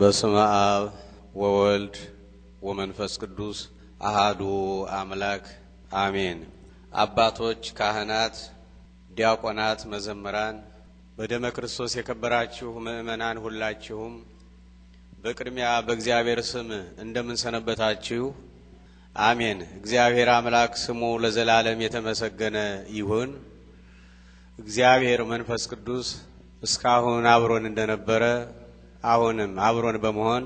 በስመ አብ ወወልድ ወመንፈስ ቅዱስ አሃዱ አምላክ አሜን። አባቶች፣ ካህናት፣ ዲያቆናት፣ መዘምራን፣ በደመ ክርስቶስ የከበራችሁ ምእመናን ሁላችሁም በቅድሚያ በእግዚአብሔር ስም እንደምንሰነበታችሁ አሜን። እግዚአብሔር አምላክ ስሙ ለዘላለም የተመሰገነ ይሁን። እግዚአብሔር መንፈስ ቅዱስ እስካሁን አብሮን እንደነበረ አሁንም አብሮን በመሆን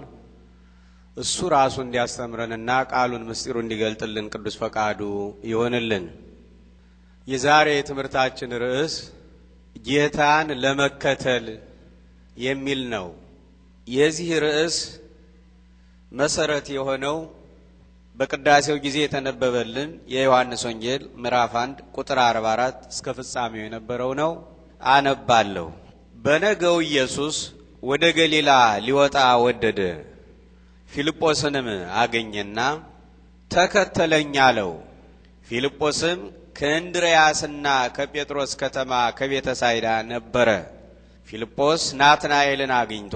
እሱ ራሱ እንዲያስተምረንና ቃሉን ምስጢሩ እንዲገልጥልን ቅዱስ ፈቃዱ ይሆንልን። የዛሬ የትምህርታችን ርዕስ ጌታን ለመከተል የሚል ነው። የዚህ ርዕስ መሰረት የሆነው በቅዳሴው ጊዜ የተነበበልን የዮሐንስ ወንጌል ምዕራፍ 1 ቁጥር 44 እስከ ፍጻሜው የነበረው ነው። አነባለሁ። በነገው ኢየሱስ ወደ ገሊላ ሊወጣ ወደደ። ፊልጶስንም አገኘና ተከተለኝ አለው። ፊልጶስም ከእንድርያስና ከጴጥሮስ ከተማ ከቤተ ሳይዳ ነበረ። ፊልጶስ ናትናኤልን አግኝቶ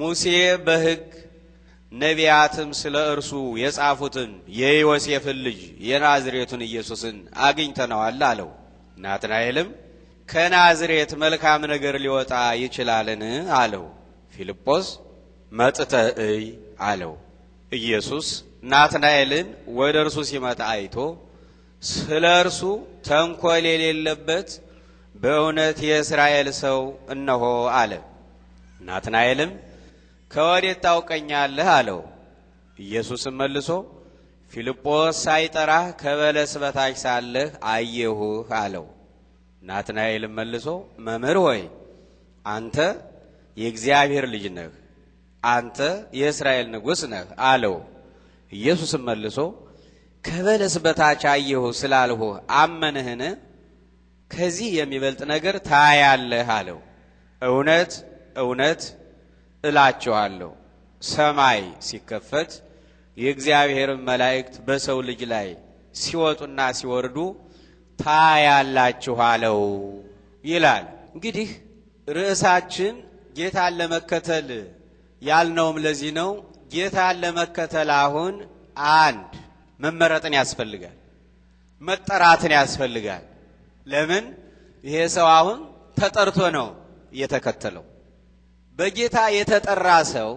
ሙሴ በሕግ ነቢያትም ስለ እርሱ የጻፉትን የዮሴፍን ልጅ የናዝሬቱን ኢየሱስን አግኝተነዋል አለው። ናትናኤልም ከናዝሬት መልካም ነገር ሊወጣ ይችላልን? አለው። ፊልጶስ መጥተ እይ አለው። ኢየሱስ ናትናኤልን ወደ እርሱ ሲመጣ አይቶ ስለ እርሱ ተንኮል የሌለበት በእውነት የእስራኤል ሰው እነሆ አለ። ናትናኤልም ከወዴት ታውቀኛለህ? አለው። ኢየሱስም መልሶ ፊልጶስ ሳይጠራህ ከበለስ በታች ሳለህ አየሁህ አለው። ናትናኤልም መልሶ መምህር ሆይ አንተ የእግዚአብሔር ልጅ ነህ፣ አንተ የእስራኤል ንጉሥ ነህ አለው። ኢየሱስም መልሶ ከበለስ በታች አየሁ ስላልሁ አመንህን? ከዚህ የሚበልጥ ነገር ታያለህ አለው። እውነት እውነት እላችኋለሁ ሰማይ ሲከፈት የእግዚአብሔርን መላእክት በሰው ልጅ ላይ ሲወጡና ሲወርዱ ታያላችኋለው ይላል። እንግዲህ ርዕሳችን ጌታን ለመከተል ያልነውም ለዚህ ነው። ጌታን ለመከተል አሁን አንድ መመረጥን ያስፈልጋል፣ መጠራትን ያስፈልጋል። ለምን ይሄ ሰው አሁን ተጠርቶ ነው የተከተለው። በጌታ የተጠራ ሰው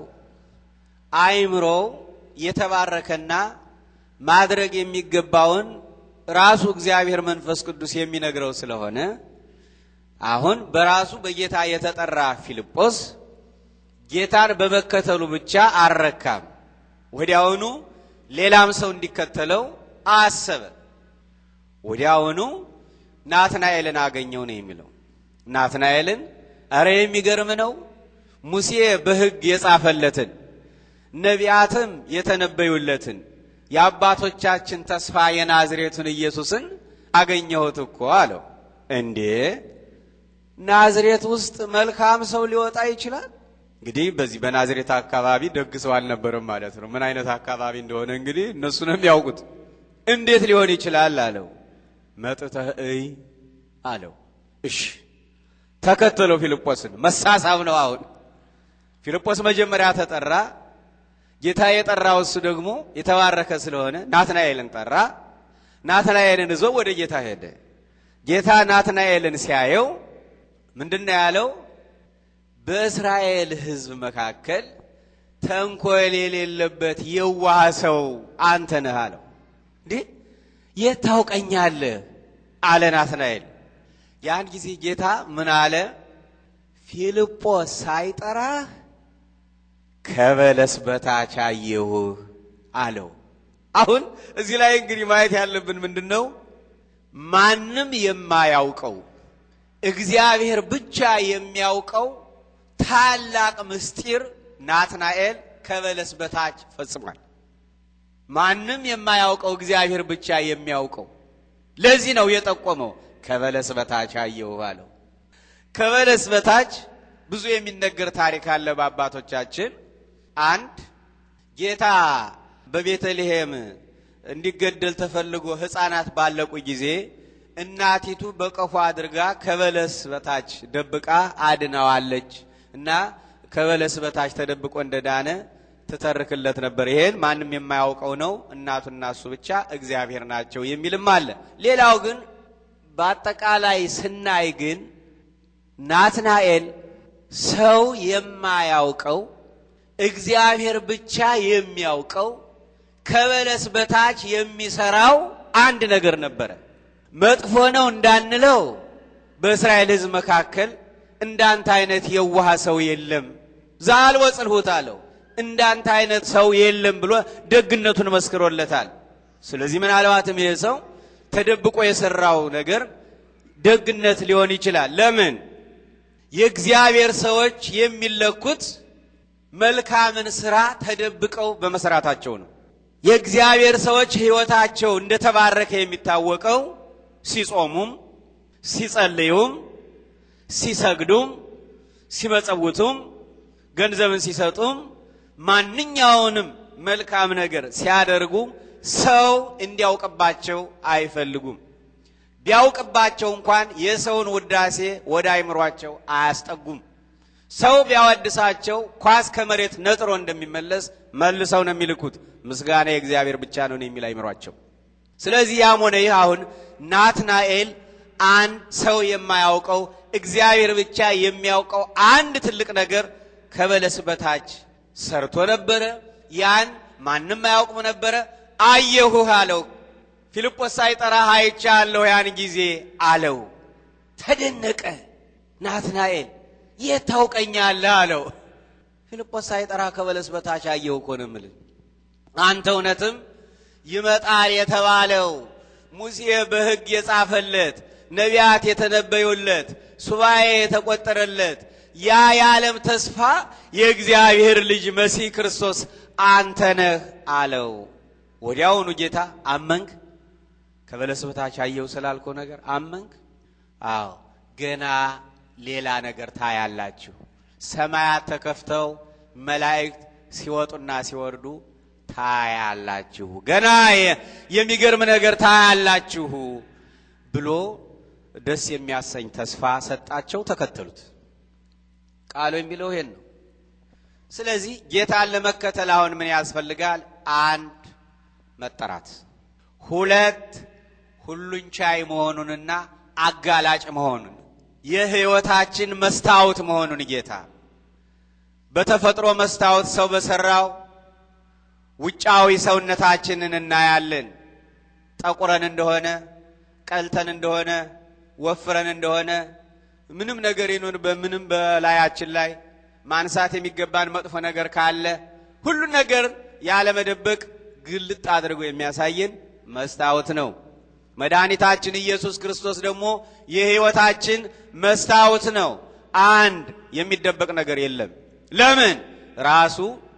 አይምሮ የተባረከና ማድረግ የሚገባውን ራሱ እግዚአብሔር መንፈስ ቅዱስ የሚነግረው ስለሆነ አሁን በራሱ በጌታ የተጠራ ፊልጶስ ጌታን በመከተሉ ብቻ አልረካም። ወዲያውኑ ሌላም ሰው እንዲከተለው አሰበ። ወዲያውኑ ናትናኤልን አገኘው ነው የሚለው። ናትናኤልን እረ የሚገርም ነው። ሙሴ በሕግ የጻፈለትን ነቢያትም የተነበዩለትን የአባቶቻችን ተስፋ የናዝሬቱን ኢየሱስን አገኘሁት እኮ አለው። እንዴ ናዝሬት ውስጥ መልካም ሰው ሊወጣ ይችላል? እንግዲህ በዚህ በናዝሬት አካባቢ ደግ ሰው አልነበረም ማለት ነው። ምን አይነት አካባቢ እንደሆነ እንግዲህ እነሱ ነው የሚያውቁት። እንዴት ሊሆን ይችላል አለው። መጥተህ እይ አለው። እሺ ተከተለው ፊልጶስን። መሳሳብ ነው አሁን። ፊልጶስ መጀመሪያ ተጠራ። ጌታ የጠራው እሱ ደግሞ የተባረከ ስለሆነ ናትናኤልን ጠራ። ናትናኤልን እዞ ወደ ጌታ ሄደ። ጌታ ናትናኤልን ሲያየው ምንድን ነው ያለው? በእስራኤል ሕዝብ መካከል ተንኮል የሌለበት የዋህ ሰው አንተ ነህ አለው። እንዴ የት ታውቀኛለህ አለ ናትናኤል። ያን ጊዜ ጌታ ምን አለ? ፊልጶስ ሳይጠራህ ከበለስ በታች አየሁ አለው። አሁን እዚህ ላይ እንግዲህ ማየት ያለብን ምንድን ነው? ማንም የማያውቀው እግዚአብሔር ብቻ የሚያውቀው ታላቅ ምስጢር ናትናኤል ከበለስ በታች ፈጽሟል። ማንም የማያውቀው እግዚአብሔር ብቻ የሚያውቀው ለዚህ ነው የጠቆመው። ከበለስ በታች አየሁህ አለው። ከበለስ በታች ብዙ የሚነገር ታሪክ አለ በአባቶቻችን አንድ ጌታ በቤተልሔም እንዲገደል ተፈልጎ ሕፃናት ባለቁ ጊዜ እናቲቱ በቀፎ አድርጋ ከበለስ በታች ደብቃ አድናዋለች እና ከበለስ በታች ተደብቆ እንደዳነ ትተርክለት ነበር። ይሄን ማንም የማያውቀው ነው። እናቱና እሱ ብቻ እግዚአብሔር ናቸው የሚልም አለ። ሌላው ግን በአጠቃላይ ስናይ ግን ናትናኤል ሰው የማያውቀው እግዚአብሔር ብቻ የሚያውቀው ከበለስ በታች የሚሰራው አንድ ነገር ነበረ። መጥፎ ነው እንዳንለው በእስራኤል ሕዝብ መካከል እንዳንተ አይነት የዋህ ሰው የለም፣ ዛልወ ጽልሁት አለው። እንዳንተ አይነት ሰው የለም ብሎ ደግነቱን መስክሮለታል። ስለዚህ ምናልባትም ይህ ሰው ተደብቆ የሰራው ነገር ደግነት ሊሆን ይችላል። ለምን የእግዚአብሔር ሰዎች የሚለኩት መልካምን ስራ ተደብቀው በመስራታቸው ነው። የእግዚአብሔር ሰዎች ሕይወታቸው እንደተባረከ የሚታወቀው ሲጾሙም፣ ሲጸልዩም፣ ሲሰግዱም፣ ሲመጸውቱም፣ ገንዘብን ሲሰጡም፣ ማንኛውንም መልካም ነገር ሲያደርጉ ሰው እንዲያውቅባቸው አይፈልጉም። ቢያውቅባቸው እንኳን የሰውን ውዳሴ ወደ አይምሯቸው አያስጠጉም። ሰው ቢያወድሳቸው ኳስ ከመሬት ነጥሮ እንደሚመለስ መልሰው ነው የሚልኩት። ምስጋና የእግዚአብሔር ብቻ ነው የሚል አይምሯቸው። ስለዚህ ያም ሆነ ይህ አሁን ናትናኤል አንድ ሰው የማያውቀው እግዚአብሔር ብቻ የሚያውቀው አንድ ትልቅ ነገር ከበለስ በታች ሰርቶ ነበረ። ያን ማንም አያውቅም ነበረ። አየሁህ አለው። ፊልጶስ ሳይጠራህ አይቻለሁ ያን ጊዜ አለው። ተደነቀ ናትናኤል። የት ታውቀኛለህ አለው። ፊልጶስ ሳይጠራ ከበለስ በታች አየው እኮ ነው የምልህ። አንተ እውነትም ይመጣል የተባለው ሙሴ በሕግ የጻፈለት ነቢያት የተነበዩለት ሱባኤ የተቆጠረለት ያ የዓለም ተስፋ የእግዚአብሔር ልጅ መሲህ ክርስቶስ አንተ ነህ አለው። ወዲያውኑ ጌታ አመንክ? ከበለስ በታች አየው ስላልከው ነገር አመንክ? አዎ ገና ሌላ ነገር ታያላችሁ። ሰማያት ተከፍተው መላእክት ሲወጡና ሲወርዱ ታያላችሁ። ገና የሚገርም ነገር ታያላችሁ ብሎ ደስ የሚያሰኝ ተስፋ ሰጣቸው፣ ተከተሉት። ቃሉ የሚለው ይሄን ነው። ስለዚህ ጌታን ለመከተል አሁን ምን ያስፈልጋል? አንድ መጠራት፣ ሁለት ሁሉን ቻይ መሆኑንና አጋላጭ መሆኑን የህይወታችን መስታወት መሆኑን ጌታ በተፈጥሮ መስታወት ሰው በሰራው ውጫዊ ሰውነታችንን እናያለን። ጠቁረን እንደሆነ ቀልተን እንደሆነ ወፍረን እንደሆነ ምንም ነገር ይኑን በምንም በላያችን ላይ ማንሳት የሚገባን መጥፎ ነገር ካለ ሁሉን ነገር ያለመደበቅ ግልጥ አድርጎ የሚያሳየን መስታወት ነው። መድኃኒታችን ኢየሱስ ክርስቶስ ደግሞ የሕይወታችን መስታወት ነው። አንድ የሚደበቅ ነገር የለም። ለምን? ራሱ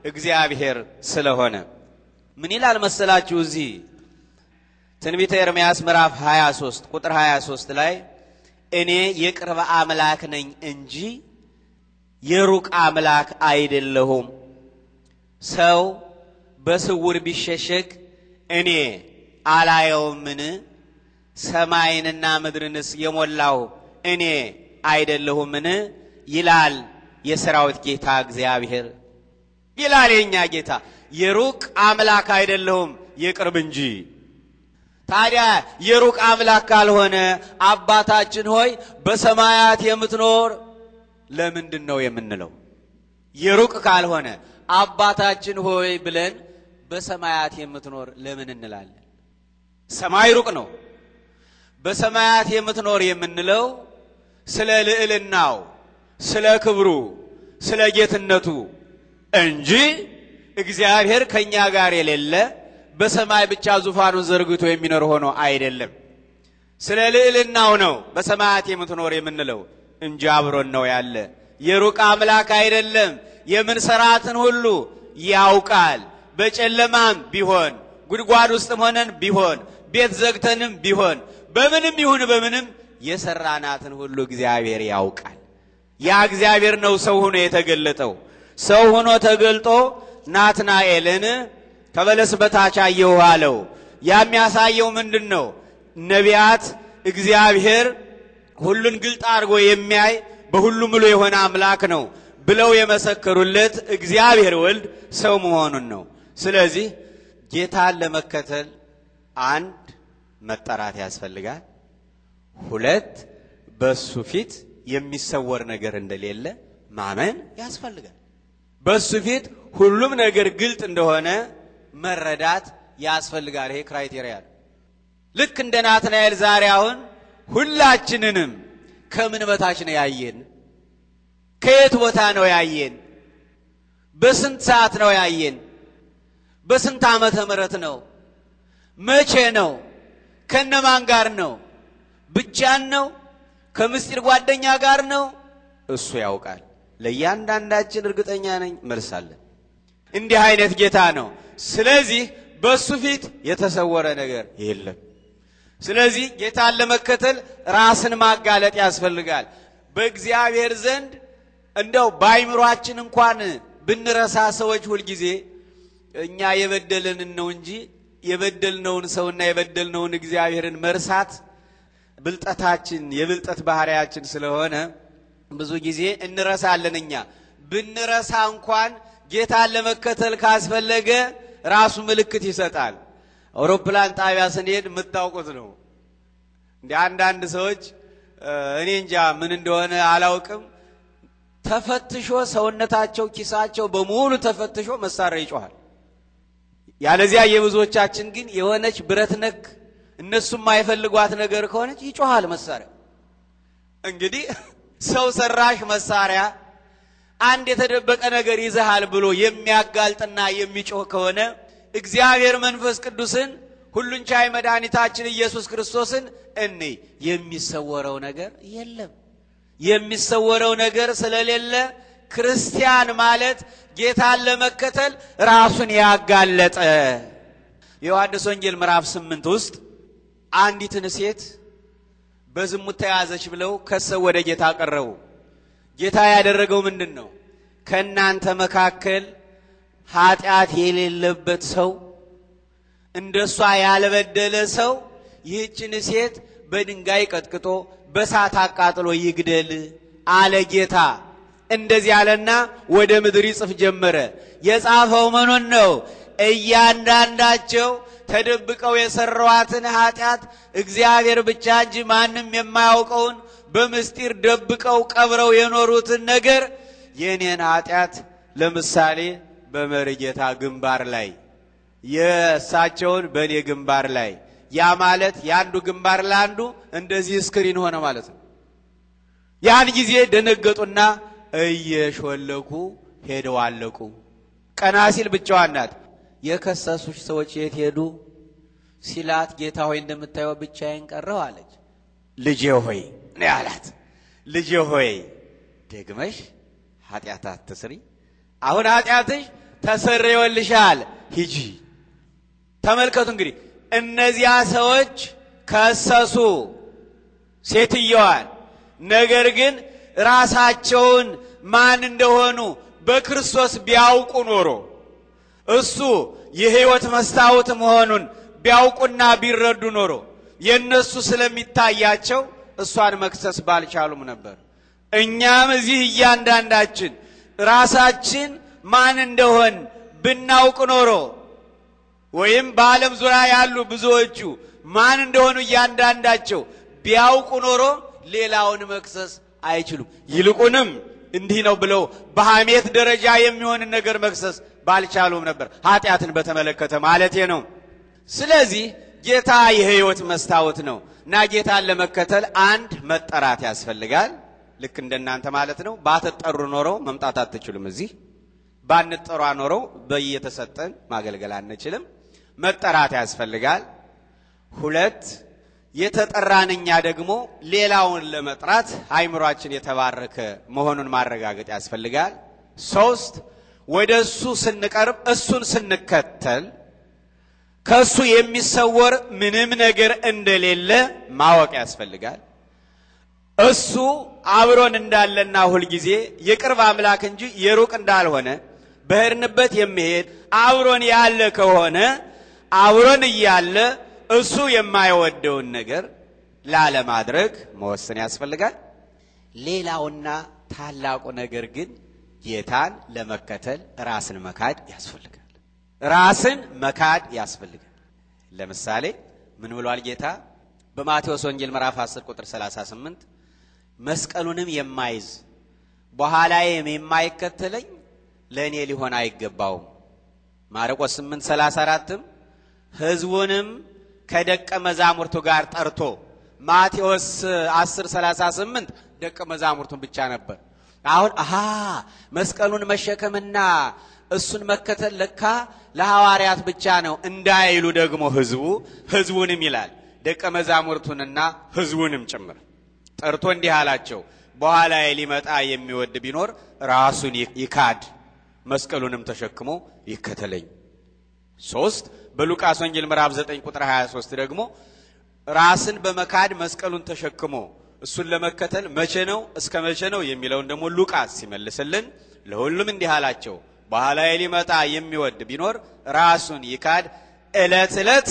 እግዚአብሔር ስለሆነ። ምን ይላል መሰላችሁ? እዚህ ትንቢተ ኤርምያስ ምዕራፍ 23 ቁጥር 23 ላይ እኔ የቅርብ አምላክ ነኝ እንጂ የሩቅ አምላክ አይደለሁም። ሰው በስውር ቢሸሸግ እኔ አላየውምን ሰማይንና ምድርንስ የሞላው እኔ አይደለሁምን? ይላል የሰራዊት ጌታ እግዚአብሔር። ይላል የእኛ ጌታ የሩቅ አምላክ አይደለሁም የቅርብ እንጂ። ታዲያ የሩቅ አምላክ ካልሆነ አባታችን ሆይ በሰማያት የምትኖር ለምንድን ነው የምንለው? የሩቅ ካልሆነ አባታችን ሆይ ብለን በሰማያት የምትኖር ለምን እንላለን? ሰማይ ሩቅ ነው። በሰማያት የምትኖር የምንለው ስለ ልዕልናው፣ ስለ ክብሩ፣ ስለ ጌትነቱ እንጂ እግዚአብሔር ከእኛ ጋር የሌለ በሰማይ ብቻ ዙፋኑን ዘርግቶ የሚኖር ሆኖ አይደለም። ስለ ልዕልናው ነው በሰማያት የምትኖር የምንለው እንጂ አብሮን ነው ያለ። የሩቅ አምላክ አይደለም። የምንሰራትን ሁሉ ያውቃል። በጨለማም ቢሆን ጉድጓድ ውስጥም ሆነን ቢሆን ቤት ዘግተንም ቢሆን በምንም ይሁን በምንም የሰራናትን ሁሉ እግዚአብሔር ያውቃል። ያ እግዚአብሔር ነው ሰው ሆኖ የተገለጠው። ሰው ሆኖ ተገልጦ ናትናኤልን ከበለስ በታች አየሁ አለው። ያ የሚያሳየው ምንድን ነው? ነቢያት እግዚአብሔር ሁሉን ግልጥ አድርጎ የሚያይ በሁሉ ምሎ የሆነ አምላክ ነው ብለው የመሰከሩለት እግዚአብሔር ወልድ ሰው መሆኑን ነው። ስለዚህ ጌታን ለመከተል አንድ መጠራት ያስፈልጋል። ሁለት በሱ ፊት የሚሰወር ነገር እንደሌለ ማመን ያስፈልጋል። በሱ ፊት ሁሉም ነገር ግልጥ እንደሆነ መረዳት ያስፈልጋል። ይሄ ክራይቴሪያ ነው። ልክ እንደ ናትናኤል ዛሬ አሁን ሁላችንንም ከምን በታች ነው ያየን? ከየት ቦታ ነው ያየን? በስንት ሰዓት ነው ያየን? በስንት ዓመተ ምሕረት ነው? መቼ ነው? ከነማን ጋር ነው? ብቻን ነው? ከምስጢር ጓደኛ ጋር ነው? እሱ ያውቃል። ለእያንዳንዳችን እርግጠኛ ነኝ መልስ አለን። እንዲህ አይነት ጌታ ነው። ስለዚህ በእሱ ፊት የተሰወረ ነገር የለም። ስለዚህ ጌታን ለመከተል ራስን ማጋለጥ ያስፈልጋል። በእግዚአብሔር ዘንድ እንደው በአይምሯችን እንኳን ብንረሳ ሰዎች ሁልጊዜ እኛ የበደለንን ነው እንጂ የበደልነውን ሰውና የበደልነውን እግዚአብሔርን መርሳት ብልጠታችን የብልጠት ባህሪያችን ስለሆነ ብዙ ጊዜ እንረሳለን። እኛ ብንረሳ እንኳን ጌታን ለመከተል ካስፈለገ ራሱ ምልክት ይሰጣል። አውሮፕላን ጣቢያ ስንሄድ የምታውቁት ነው። እንደ አንዳንድ ሰዎች እኔ እንጃ ምን እንደሆነ አላውቅም፣ ተፈትሾ ሰውነታቸው፣ ኪሳቸው በሙሉ ተፈትሾ መሳሪያ ይጮኋል። ያለዚያ የብዙዎቻችን ግን የሆነች ብረት ነክ እነሱም የማይፈልጓት ነገር ከሆነች ይጮሃል መሳሪያ። እንግዲህ ሰው ሰራሽ መሳሪያ አንድ የተደበቀ ነገር ይዘሃል ብሎ የሚያጋልጥና የሚጮህ ከሆነ እግዚአብሔር መንፈስ ቅዱስን ሁሉን ቻይ መድኃኒታችን ኢየሱስ ክርስቶስን እኔ የሚሰወረው ነገር የለም። የሚሰወረው ነገር ስለሌለ ክርስቲያን ማለት ጌታን ለመከተል ራሱን ያጋለጠ። የዮሐንስ ወንጌል ምዕራፍ ስምንት ውስጥ አንዲትን ሴት በዝሙት ተያዘች ብለው ከሰው ወደ ጌታ ቀረቡ። ጌታ ያደረገው ምንድን ነው? ከእናንተ መካከል ኃጢአት የሌለበት ሰው እንደሷ ያልበደለ ሰው ይህችን ሴት በድንጋይ ቀጥቅጦ በሳት አቃጥሎ ይግደል አለ ጌታ። እንደዚህ አለና ወደ ምድር ይጽፍ ጀመረ። የጻፈው ምኑን ነው? እያንዳንዳቸው ተደብቀው የሰሯዋትን ኃጢአት እግዚአብሔር ብቻ እንጂ ማንም የማያውቀውን በምስጢር ደብቀው ቀብረው የኖሩትን ነገር የእኔን ኃጢአት ለምሳሌ በመርጌታ ግንባር ላይ የእሳቸውን በእኔ ግንባር ላይ ያ ማለት የአንዱ ግንባር ለአንዱ እንደዚህ ስክሪን ሆነ ማለት ነው። ያን ጊዜ ደነገጡና እየሾለኩ ሄደው አለቁ። ቀና ሲል ብቻዋን ናት። የከሰሱሽ ሰዎች የት ሄዱ ሲላት፣ ጌታ ሆይ እንደምታየው ብቻዬን ቀረሁ አለች። ልጄ ሆይ እኔ አላት፣ ልጄ ሆይ ደግመሽ ኃጢአት አትስሪ፣ አሁን ኃጢአትሽ ተሰረየልሻል፣ ሂጂ። ተመልከቱ እንግዲህ እነዚያ ሰዎች ከሰሱ ሴትየዋን ነገር ግን ራሳቸውን ማን እንደሆኑ በክርስቶስ ቢያውቁ ኖሮ እሱ የሕይወት መስታወት መሆኑን ቢያውቁና ቢረዱ ኖሮ የእነሱ ስለሚታያቸው እሷን መክሰስ ባልቻሉም ነበር። እኛም እዚህ እያንዳንዳችን ራሳችን ማን እንደሆን ብናውቅ ኖሮ ወይም በዓለም ዙሪያ ያሉ ብዙዎቹ ማን እንደሆኑ እያንዳንዳቸው ቢያውቁ ኖሮ ሌላውን መክሰስ አይችሉም። ይልቁንም እንዲህ ነው ብለው በሐሜት ደረጃ የሚሆንን ነገር መክሰስ ባልቻሉም ነበር፣ ኃጢአትን በተመለከተ ማለቴ ነው። ስለዚህ ጌታ የሕይወት መስታወት ነው እና ጌታን ለመከተል አንድ መጠራት ያስፈልጋል። ልክ እንደናንተ ማለት ነው። ባትጠሩ ኖረው መምጣት አትችሉም። እዚህ ባንጠሯ ኖረው በየተሰጠን ማገልገል አንችልም። መጠራት ያስፈልጋል። ሁለት የተጠራንኛ ደግሞ ሌላውን ለመጥራት አይምሯችን የተባረከ መሆኑን ማረጋገጥ ያስፈልጋል። ሶስት ወደ እሱ ስንቀርብ እሱን ስንከተል ከእሱ የሚሰወር ምንም ነገር እንደሌለ ማወቅ ያስፈልጋል። እሱ አብሮን እንዳለና ሁልጊዜ የቅርብ አምላክ እንጂ የሩቅ እንዳልሆነ በሄድንበት የሚሄድ አብሮን ያለ ከሆነ አብሮን እያለ እሱ የማይወደውን ነገር ላለማድረግ መወሰን ያስፈልጋል። ሌላውና ታላቁ ነገር ግን ጌታን ለመከተል ራስን መካድ ያስፈልጋል። ራስን መካድ ያስፈልጋል። ለምሳሌ ምን ብሏል ጌታ በማቴዎስ ወንጌል ምዕራፍ 10 ቁጥር 38 መስቀሉንም የማይዝ በኋላዬም የማይከተለኝ ለእኔ ሊሆን አይገባውም። ማርቆስ 8 34ም ሕዝቡንም ከደቀ መዛሙርቱ ጋር ጠርቶ ማቴዎስ 10 38 ደቀ መዛሙርቱን ብቻ ነበር። አሁን አሃ መስቀሉን መሸከምና እሱን መከተል ለካ ለሐዋርያት ብቻ ነው እንዳይሉ ደግሞ ህዝቡ ህዝቡንም ይላል ደቀ መዛሙርቱንና ህዝቡንም ጭምር ጠርቶ እንዲህ አላቸው፣ በኋላ ሊመጣ የሚወድ ቢኖር ራሱን ይካድ መስቀሉንም ተሸክሞ ይከተለኝ። ሶስት በሉቃስ ወንጌል ምዕራፍ 9 ቁጥር 23 ደግሞ ራስን በመካድ መስቀሉን ተሸክሞ እሱን ለመከተል መቼ ነው እስከ መቼ ነው የሚለውን ደግሞ ሉቃስ ሲመልስልን ለሁሉም እንዲህ አላቸው፣ በኋላዬ ሊመጣ የሚወድ ቢኖር ራሱን ይካድ፣ ዕለት ዕለት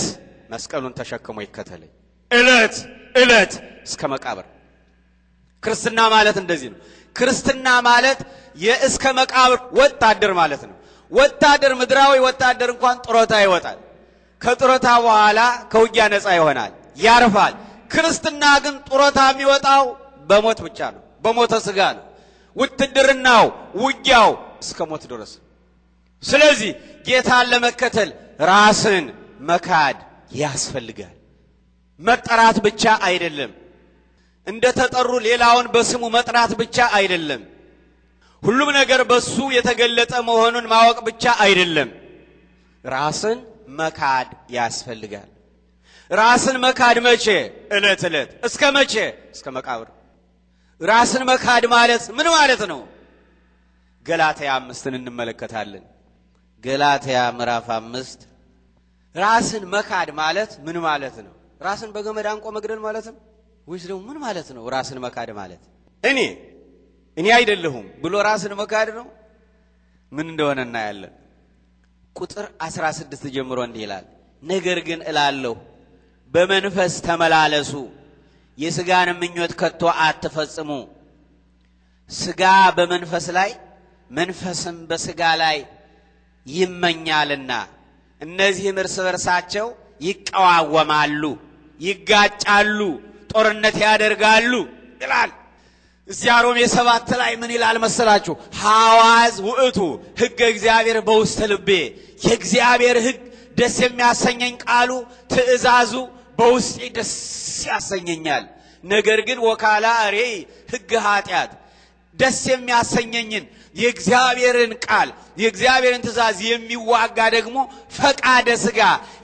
መስቀሉን ተሸክሞ ይከተለኝ። ዕለት ዕለት እስከ መቃብር። ክርስትና ማለት እንደዚህ ነው። ክርስትና ማለት የእስከ መቃብር ወታደር ማለት ነው። ወታደር ምድራዊ ወታደር እንኳን ጡረታ ይወጣል። ከጡረታ በኋላ ከውጊያ ነፃ ይሆናል፣ ያርፋል። ክርስትና ግን ጡረታ የሚወጣው በሞት ብቻ ነው፣ በሞተ ስጋ ነው። ውትድርናው ውጊያው እስከ ሞት ድረስ። ስለዚህ ጌታን ለመከተል ራስን መካድ ያስፈልጋል። መጠራት ብቻ አይደለም፣ እንደ ተጠሩ ሌላውን በስሙ መጥራት ብቻ አይደለም፣ ሁሉም ነገር በሱ የተገለጠ መሆኑን ማወቅ ብቻ አይደለም ራስን መካድ ያስፈልጋል። ራስን መካድ መቼ? እለት እለት እስከ መቼ? እስከ መቃብር። ራስን መካድ ማለት ምን ማለት ነው? ገላትያ አምስትን እንመለከታለን። ገላትያ ምዕራፍ አምስት ራስን መካድ ማለት ምን ማለት ነው? ራስን በገመድ አንቆ መግደል ማለት ነው ወይስ ደግሞ ምን ማለት ነው? ራስን መካድ ማለት እኔ እኔ አይደለሁም ብሎ ራስን መካድ ነው? ምን እንደሆነ እናያለን። ቁጥር 16 ጀምሮ እንዲህ ይላል፣ ነገር ግን እላለሁ በመንፈስ ተመላለሱ፣ የሥጋን ምኞት ከቶ አትፈጽሙ። ሥጋ በመንፈስ ላይ መንፈስም በሥጋ ላይ ይመኛልና እነዚህም እርስ በርሳቸው ይቀዋወማሉ፣ ይጋጫሉ፣ ጦርነት ያደርጋሉ ይላል። እዚያ ሮሜ ሰባት ላይ ምን ይላል መሰላችሁ? ሐዋዝ ውእቱ ሕገ እግዚአብሔር በውስተ ልቤ፣ የእግዚአብሔር ሕግ ደስ የሚያሰኘኝ ቃሉ ትእዛዙ በውስጤ ደስ ያሰኘኛል። ነገር ግን ወካላ እሬ ሕግ ኃጢአት ደስ የሚያሰኘኝን የእግዚአብሔርን ቃል የእግዚአብሔርን ትእዛዝ የሚዋጋ ደግሞ ፈቃደ ስጋ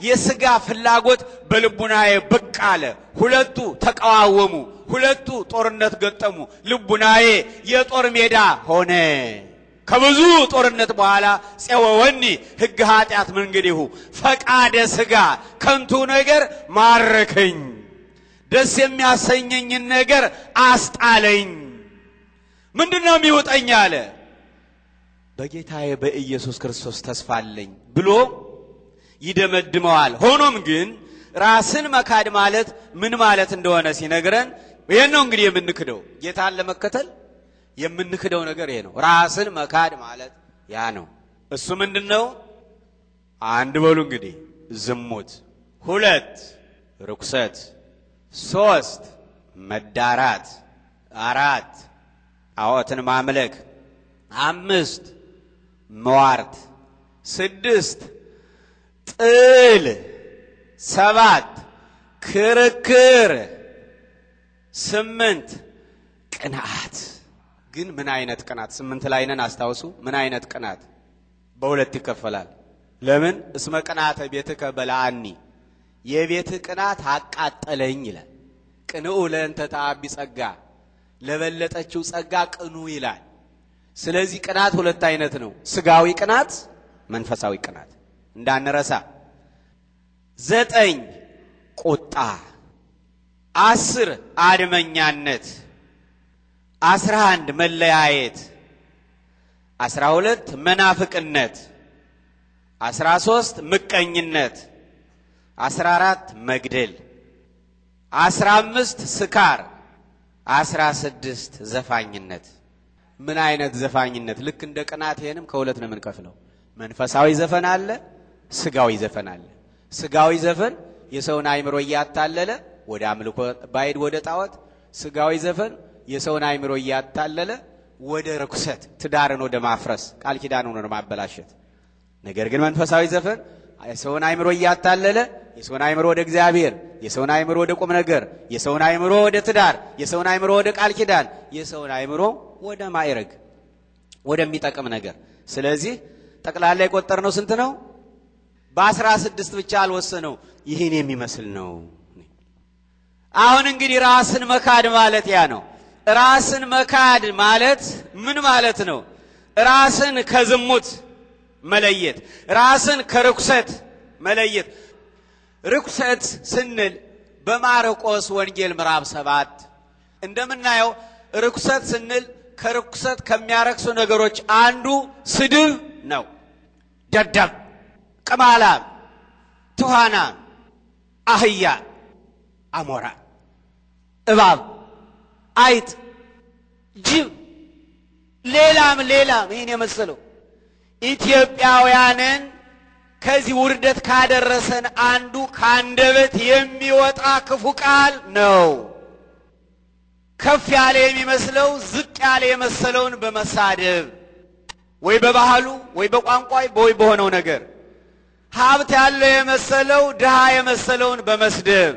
የስጋ ፍላጎት በልቡናዬ ብቅ አለ። ሁለቱ ተቃዋወሙ። ሁለቱ ጦርነት ገጠሙ። ልቡናዬ የጦር ሜዳ ሆነ። ከብዙ ጦርነት በኋላ ፄወወኒ ሕግ ኃጢአት መንገዴሁ ፈቃደ ሥጋ ከንቱ ነገር ማረከኝ፣ ደስ የሚያሰኘኝን ነገር አስጣለኝ። ምንድን ነው የሚውጠኝ አለ። በጌታዬ በኢየሱስ ክርስቶስ ተስፋለኝ ብሎ ይደመድመዋል። ሆኖም ግን ራስን መካድ ማለት ምን ማለት እንደሆነ ሲነግረን ይሄን ነው እንግዲህ የምንክደው። ጌታን ለመከተል የምንክደው ነገር ይሄ ነው። ራስን መካድ ማለት ያ ነው። እሱ ምንድን ነው? አንድ በሉ እንግዲህ ዝሙት፣ ሁለት ርኩሰት፣ ሶስት መዳራት፣ አራት አወትን ማምለክ፣ አምስት መዋርት፣ ስድስት ጥል፣ ሰባት ክርክር ስምንት ቅናት ግን ምን አይነት ቅናት? ስምንት ላይ ነን አስታውሱ። ምን አይነት ቅናት? በሁለት ይከፈላል። ለምን እስመ ቅናተ ቤትከ በላአኒ የቤትህ ቅናት አቃጠለኝ ይላል። ቅንኡ ለእንተ ተአቢ ጸጋ ለበለጠችው ጸጋ ቅኑ ይላል። ስለዚህ ቅናት ሁለት አይነት ነው፣ ስጋዊ ቅናት፣ መንፈሳዊ ቅናት እንዳንረሳ። ዘጠኝ ቁጣ አስር አድመኛነት፣ አስራ አንድ መለያየት፣ አስራ ሁለት መናፍቅነት፣ አስራ ሶስት ምቀኝነት፣ አስራ አራት መግደል፣ አስራ አምስት ስካር፣ አስራ ስድስት ዘፋኝነት። ምን አይነት ዘፋኝነት? ልክ እንደ ቅናት። ይሄንም ከሁለት ነው የምንከፍለው። መንፈሳዊ ዘፈን አለ፣ ስጋዊ ዘፈን አለ። ስጋዊ ዘፈን የሰውን አይምሮ እያታለለ ወደ አምልኮ ባይድ ወደ ጣዖት ስጋዊ ዘፈን የሰውን አእምሮ እያታለለ ወደ ርኩሰት፣ ትዳርን ወደ ማፍረስ፣ ቃል ኪዳን ሆኖ ማበላሸት። ነገር ግን መንፈሳዊ ዘፈን የሰውን አእምሮ እያታለለ የሰውን አእምሮ ወደ እግዚአብሔር፣ የሰውን አእምሮ ወደ ቁም ነገር፣ የሰውን አእምሮ ወደ ትዳር፣ የሰውን አእምሮ ወደ ቃል ኪዳን፣ የሰውን አእምሮ ወደ ማይረግ ወደሚጠቅም ነገር። ስለዚህ ጠቅላላ ነው ስንት ነው? በአስራ ስድስት ብቻ አልወሰነው። ይህን የሚመስል ነው። አሁን እንግዲህ ራስን መካድ ማለት ያ ነው። ራስን መካድ ማለት ምን ማለት ነው? ራስን ከዝሙት መለየት፣ ራስን ከርኩሰት መለየት። ርኩሰት ስንል በማርቆስ ወንጌል ምዕራፍ ሰባት እንደምናየው ርኩሰት ስንል ከርኩሰት ከሚያረክሱ ነገሮች አንዱ ስድብ ነው። ደደብ፣ ቅማላም፣ ትኋና፣ አህያ፣ አሞራ እባብ፣ አይጥ፣ ጅብ፣ ሌላም ሌላም ይህን የመሰለው ኢትዮጵያውያንን ከዚህ ውርደት ካደረሰን አንዱ ከአንደበት የሚወጣ ክፉ ቃል ነው። ከፍ ያለ የሚመስለው ዝቅ ያለ የመሰለውን በመሳደብ ወይ በባህሉ ወይ በቋንቋ ወይ በሆነው ነገር ሀብት ያለው የመሰለው ድሃ የመሰለውን በመስደብ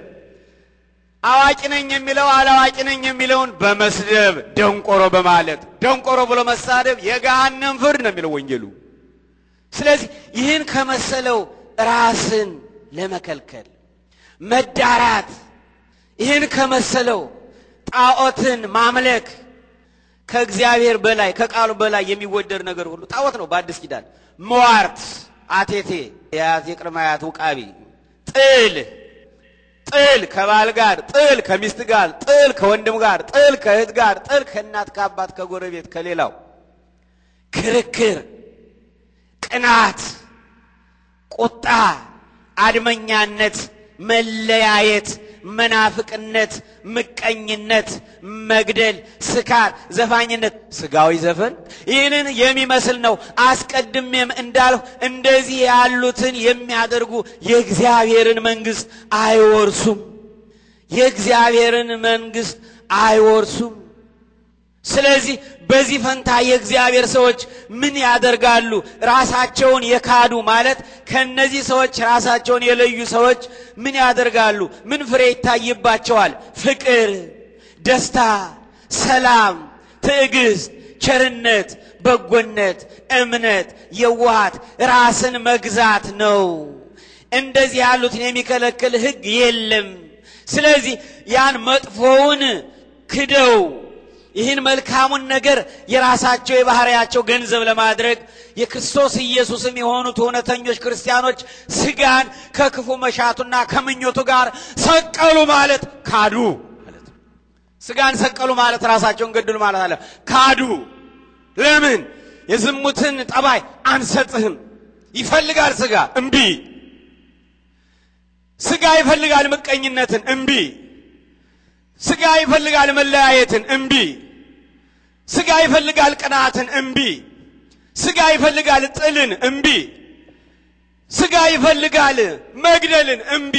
አዋቂ ነኝ የሚለው አላዋቂ ነኝ የሚለውን በመስደብ ደንቆሮ በማለት ደንቆሮ ብሎ መሳደብ የገሃነም ፍርድ ነው የሚለው ወንጌሉ። ስለዚህ ይህን ከመሰለው ራስን ለመከልከል መዳራት፣ ይህን ከመሰለው ጣዖትን ማምለክ ከእግዚአብሔር በላይ ከቃሉ በላይ የሚወደድ ነገር ሁሉ ጣዖት ነው። በአዲስ ኪዳን መዋርት፣ አቴቴ፣ የቅድማያት አያት ውቃቢ፣ ጥል ጥል ከባል ጋር፣ ጥል ከሚስት ጋር፣ ጥል ከወንድም ጋር፣ ጥል ከእህት ጋር፣ ጥል ከእናት ከአባት፣ ከጎረቤት፣ ከሌላው ክርክር፣ ቅናት፣ ቁጣ፣ አድመኛነት፣ መለያየት መናፍቅነት፣ ምቀኝነት፣ መግደል፣ ስካር፣ ዘፋኝነት፣ ስጋዊ ዘፈን ይህንን የሚመስል ነው። አስቀድሜም እንዳልሁ እንደዚህ ያሉትን የሚያደርጉ የእግዚአብሔርን መንግሥት አይወርሱም። የእግዚአብሔርን መንግሥት አይወርሱም። ስለዚህ በዚህ ፈንታ የእግዚአብሔር ሰዎች ምን ያደርጋሉ? ራሳቸውን የካዱ ማለት ከነዚህ ሰዎች ራሳቸውን የለዩ ሰዎች ምን ያደርጋሉ? ምን ፍሬ ይታይባቸዋል? ፍቅር፣ ደስታ፣ ሰላም፣ ትዕግስት፣ ቸርነት፣ በጎነት፣ እምነት፣ የዋሃት፣ ራስን መግዛት ነው። እንደዚህ ያሉትን የሚከለክል ሕግ የለም። ስለዚህ ያን መጥፎውን ክደው ይህን መልካሙን ነገር የራሳቸው የባህሪያቸው ገንዘብ ለማድረግ የክርስቶስ ኢየሱስም የሆኑት እውነተኞች ክርስቲያኖች ስጋን ከክፉ መሻቱና ከምኞቱ ጋር ሰቀሉ ማለት ካዱ ማለት ስጋን ሰቀሉ ማለት ራሳቸውን ገድሉ ማለት አለ። ካዱ ለምን? የዝሙትን ጠባይ አንሰጥህም ይፈልጋል ስጋ እምቢ። ስጋ ይፈልጋል ምቀኝነትን እምቢ። ስጋ ይፈልጋል መለያየትን እምቢ። ስጋ ይፈልጋል ቅናትን፣ እምቢ። ስጋ ይፈልጋል ጥልን፣ እምቢ። ስጋ ይፈልጋል መግደልን፣ እምቢ።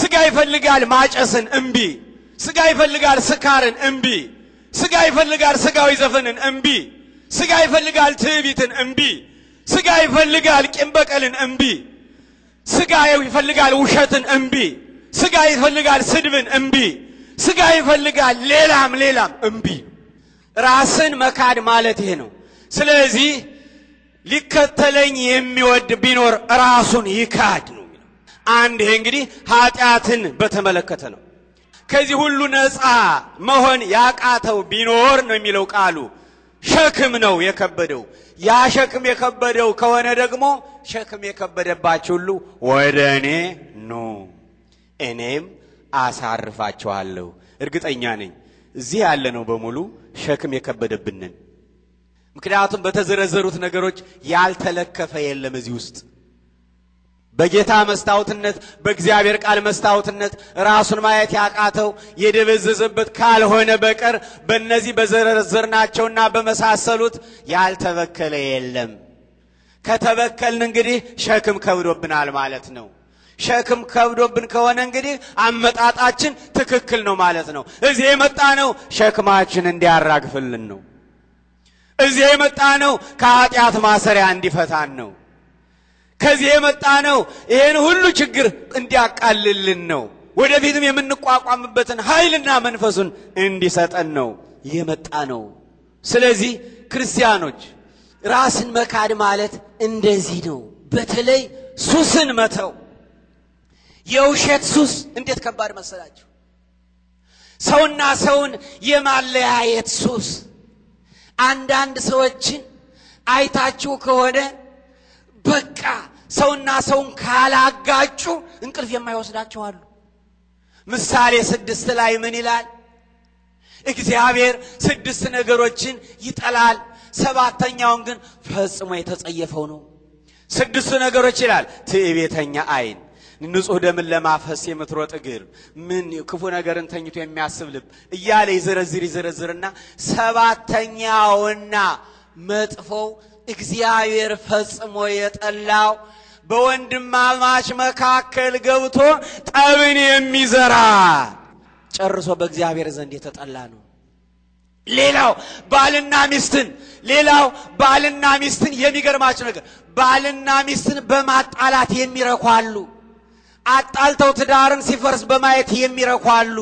ስጋ ይፈልጋል ማጨስን፣ እምቢ። ስጋ ይፈልጋል ስካርን፣ እምቢ። ስጋ ይፈልጋል ስጋዊ ዘፈንን፣ እምቢ። ስጋ ይፈልጋል ትዕቢትን፣ እምቢ። ስጋ ይፈልጋል ቂም በቀልን፣ እምቢ። ስጋ ይፈልጋል ውሸትን፣ እምቢ። ስጋ ይፈልጋል ስድብን፣ እምቢ። ስጋ ይፈልጋል ሌላም ሌላም፣ እምቢ። ራስን መካድ ማለት ይሄ ነው። ስለዚህ ሊከተለኝ የሚወድ ቢኖር ራሱን ይካድ ነው። አንድ ይሄ እንግዲህ ኃጢአትን በተመለከተ ነው። ከዚህ ሁሉ ነፃ መሆን ያቃተው ቢኖር ነው የሚለው ቃሉ ሸክም ነው የከበደው። ያ ሸክም የከበደው ከሆነ ደግሞ ሸክም የከበደባችሁ ሁሉ ወደ እኔ ኑ እኔም አሳርፋችኋለሁ። እርግጠኛ ነኝ እዚህ ያለ ነው በሙሉ ሸክም የከበደብንን። ምክንያቱም በተዘረዘሩት ነገሮች ያልተለከፈ የለም እዚህ ውስጥ በጌታ መስታወትነት በእግዚአብሔር ቃል መስታወትነት ራሱን ማየት ያቃተው የደበዘዘበት ካልሆነ በቀር በእነዚህ በዘረዘርናቸውና በመሳሰሉት ያልተበከለ የለም። ከተበከልን እንግዲህ ሸክም ከብዶብናል ማለት ነው። ሸክም ከብዶብን ከሆነ እንግዲህ አመጣጣችን ትክክል ነው ማለት ነው። እዚህ የመጣ ነው ሸክማችን እንዲያራግፍልን ነው። እዚህ የመጣ ነው ከኃጢአት ማሰሪያ እንዲፈታን ነው። ከዚህ የመጣ ነው ይህን ሁሉ ችግር እንዲያቃልልን ነው። ወደፊትም የምንቋቋምበትን ኃይልና መንፈሱን እንዲሰጠን ነው የመጣ ነው። ስለዚህ ክርስቲያኖች ራስን መካድ ማለት እንደዚህ ነው። በተለይ ሱስን መተው የውሸት ሱስ እንዴት ከባድ መሰላችሁ! ሰውና ሰውን የማለያየት ሱስ። አንዳንድ ሰዎችን አይታችሁ ከሆነ በቃ ሰውና ሰውን ካላጋጩ እንቅልፍ የማይወስዳቸው አሉ። ምሳሌ ስድስት ላይ ምን ይላል? እግዚአብሔር ስድስት ነገሮችን ይጠላል፣ ሰባተኛውን ግን ፈጽሞ የተጸየፈው ነው። ስድስቱ ነገሮች ይላል፦ ትዕቤተኛ አይን? ንጹህ ደምን ለማፈስ የምትሮጥ እግር፣ ምን ክፉ ነገርን ተኝቶ የሚያስብ ልብ እያለ ይዘረዝር ይዘረዝርና ሰባተኛውና መጥፎው እግዚአብሔር ፈጽሞ የጠላው በወንድማማች መካከል ገብቶ ጠብን የሚዘራ ጨርሶ በእግዚአብሔር ዘንድ የተጠላ ነው። ሌላው ባልና ሚስትን ሌላው ባልና ሚስትን የሚገርማቸው ነገር ባልና ሚስትን በማጣላት የሚረኳሉ። አጣልተው ትዳርን ሲፈርስ በማየት የሚረኩ አሉ።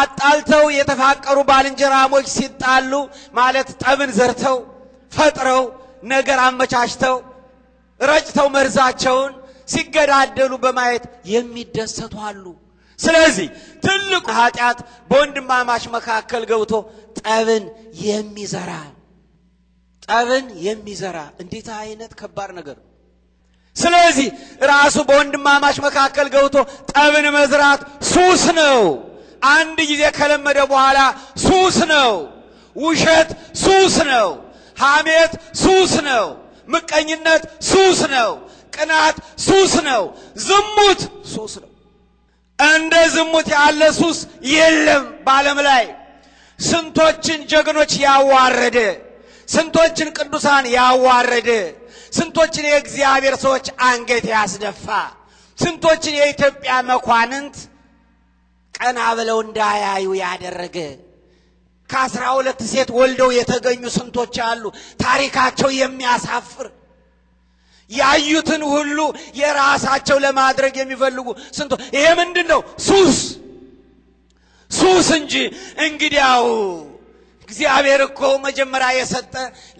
አጣልተው የተፋቀሩ ባልንጀራሞች ሲጣሉ ማለት ጠብን ዘርተው ፈጥረው ነገር አመቻችተው ረጭተው መርዛቸውን ሲገዳደሉ በማየት የሚደሰቱ አሉ። ስለዚህ ትልቁ ኃጢአት በወንድማማች መካከል ገብቶ ጠብን የሚዘራ ጠብን የሚዘራ እንዴት አይነት ከባድ ነገር ነው። ስለዚህ ራሱ በወንድማማች መካከል ገብቶ ጠብን መዝራት ሱስ ነው። አንድ ጊዜ ከለመደ በኋላ ሱስ ነው። ውሸት ሱስ ነው። ሐሜት ሱስ ነው። ምቀኝነት ሱስ ነው። ቅናት ሱስ ነው። ዝሙት ሱስ ነው። እንደ ዝሙት ያለ ሱስ የለም በዓለም ላይ። ስንቶችን ጀግኖች ያዋረደ፣ ስንቶችን ቅዱሳን ያዋረደ ስንቶችን የእግዚአብሔር ሰዎች አንገት ያስደፋ፣ ስንቶችን የኢትዮጵያ መኳንንት ቀና ብለው እንዳያዩ ያደረገ ከአስራ ሁለት ሴት ወልደው የተገኙ ስንቶች አሉ። ታሪካቸው የሚያሳፍር ያዩትን ሁሉ የራሳቸው ለማድረግ የሚፈልጉ ስንቶ ይሄ ምንድን ነው? ሱስ ሱስ እንጂ እንግዲያው እግዚአብሔር እኮ መጀመሪያ የሰጠ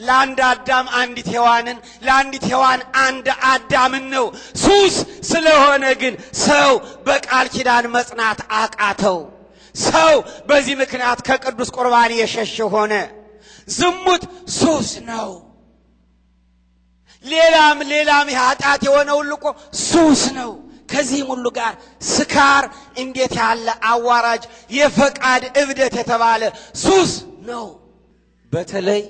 ለአንድ አዳም አንዲት ሔዋንን ለአንዲት ሔዋን አንድ አዳምን ነው። ሱስ ስለሆነ ግን ሰው በቃል ኪዳን መጽናት አቃተው። ሰው በዚህ ምክንያት ከቅዱስ ቁርባን የሸሸ ሆነ። ዝሙት ሱስ ነው። ሌላም ሌላም የኃጢአት የሆነ ሁሉ እኮ ሱስ ነው። ከዚህም ሁሉ ጋር ስካር እንዴት ያለ አዋራጅ የፈቃድ እብደት የተባለ ሱስ ነው። በተለይ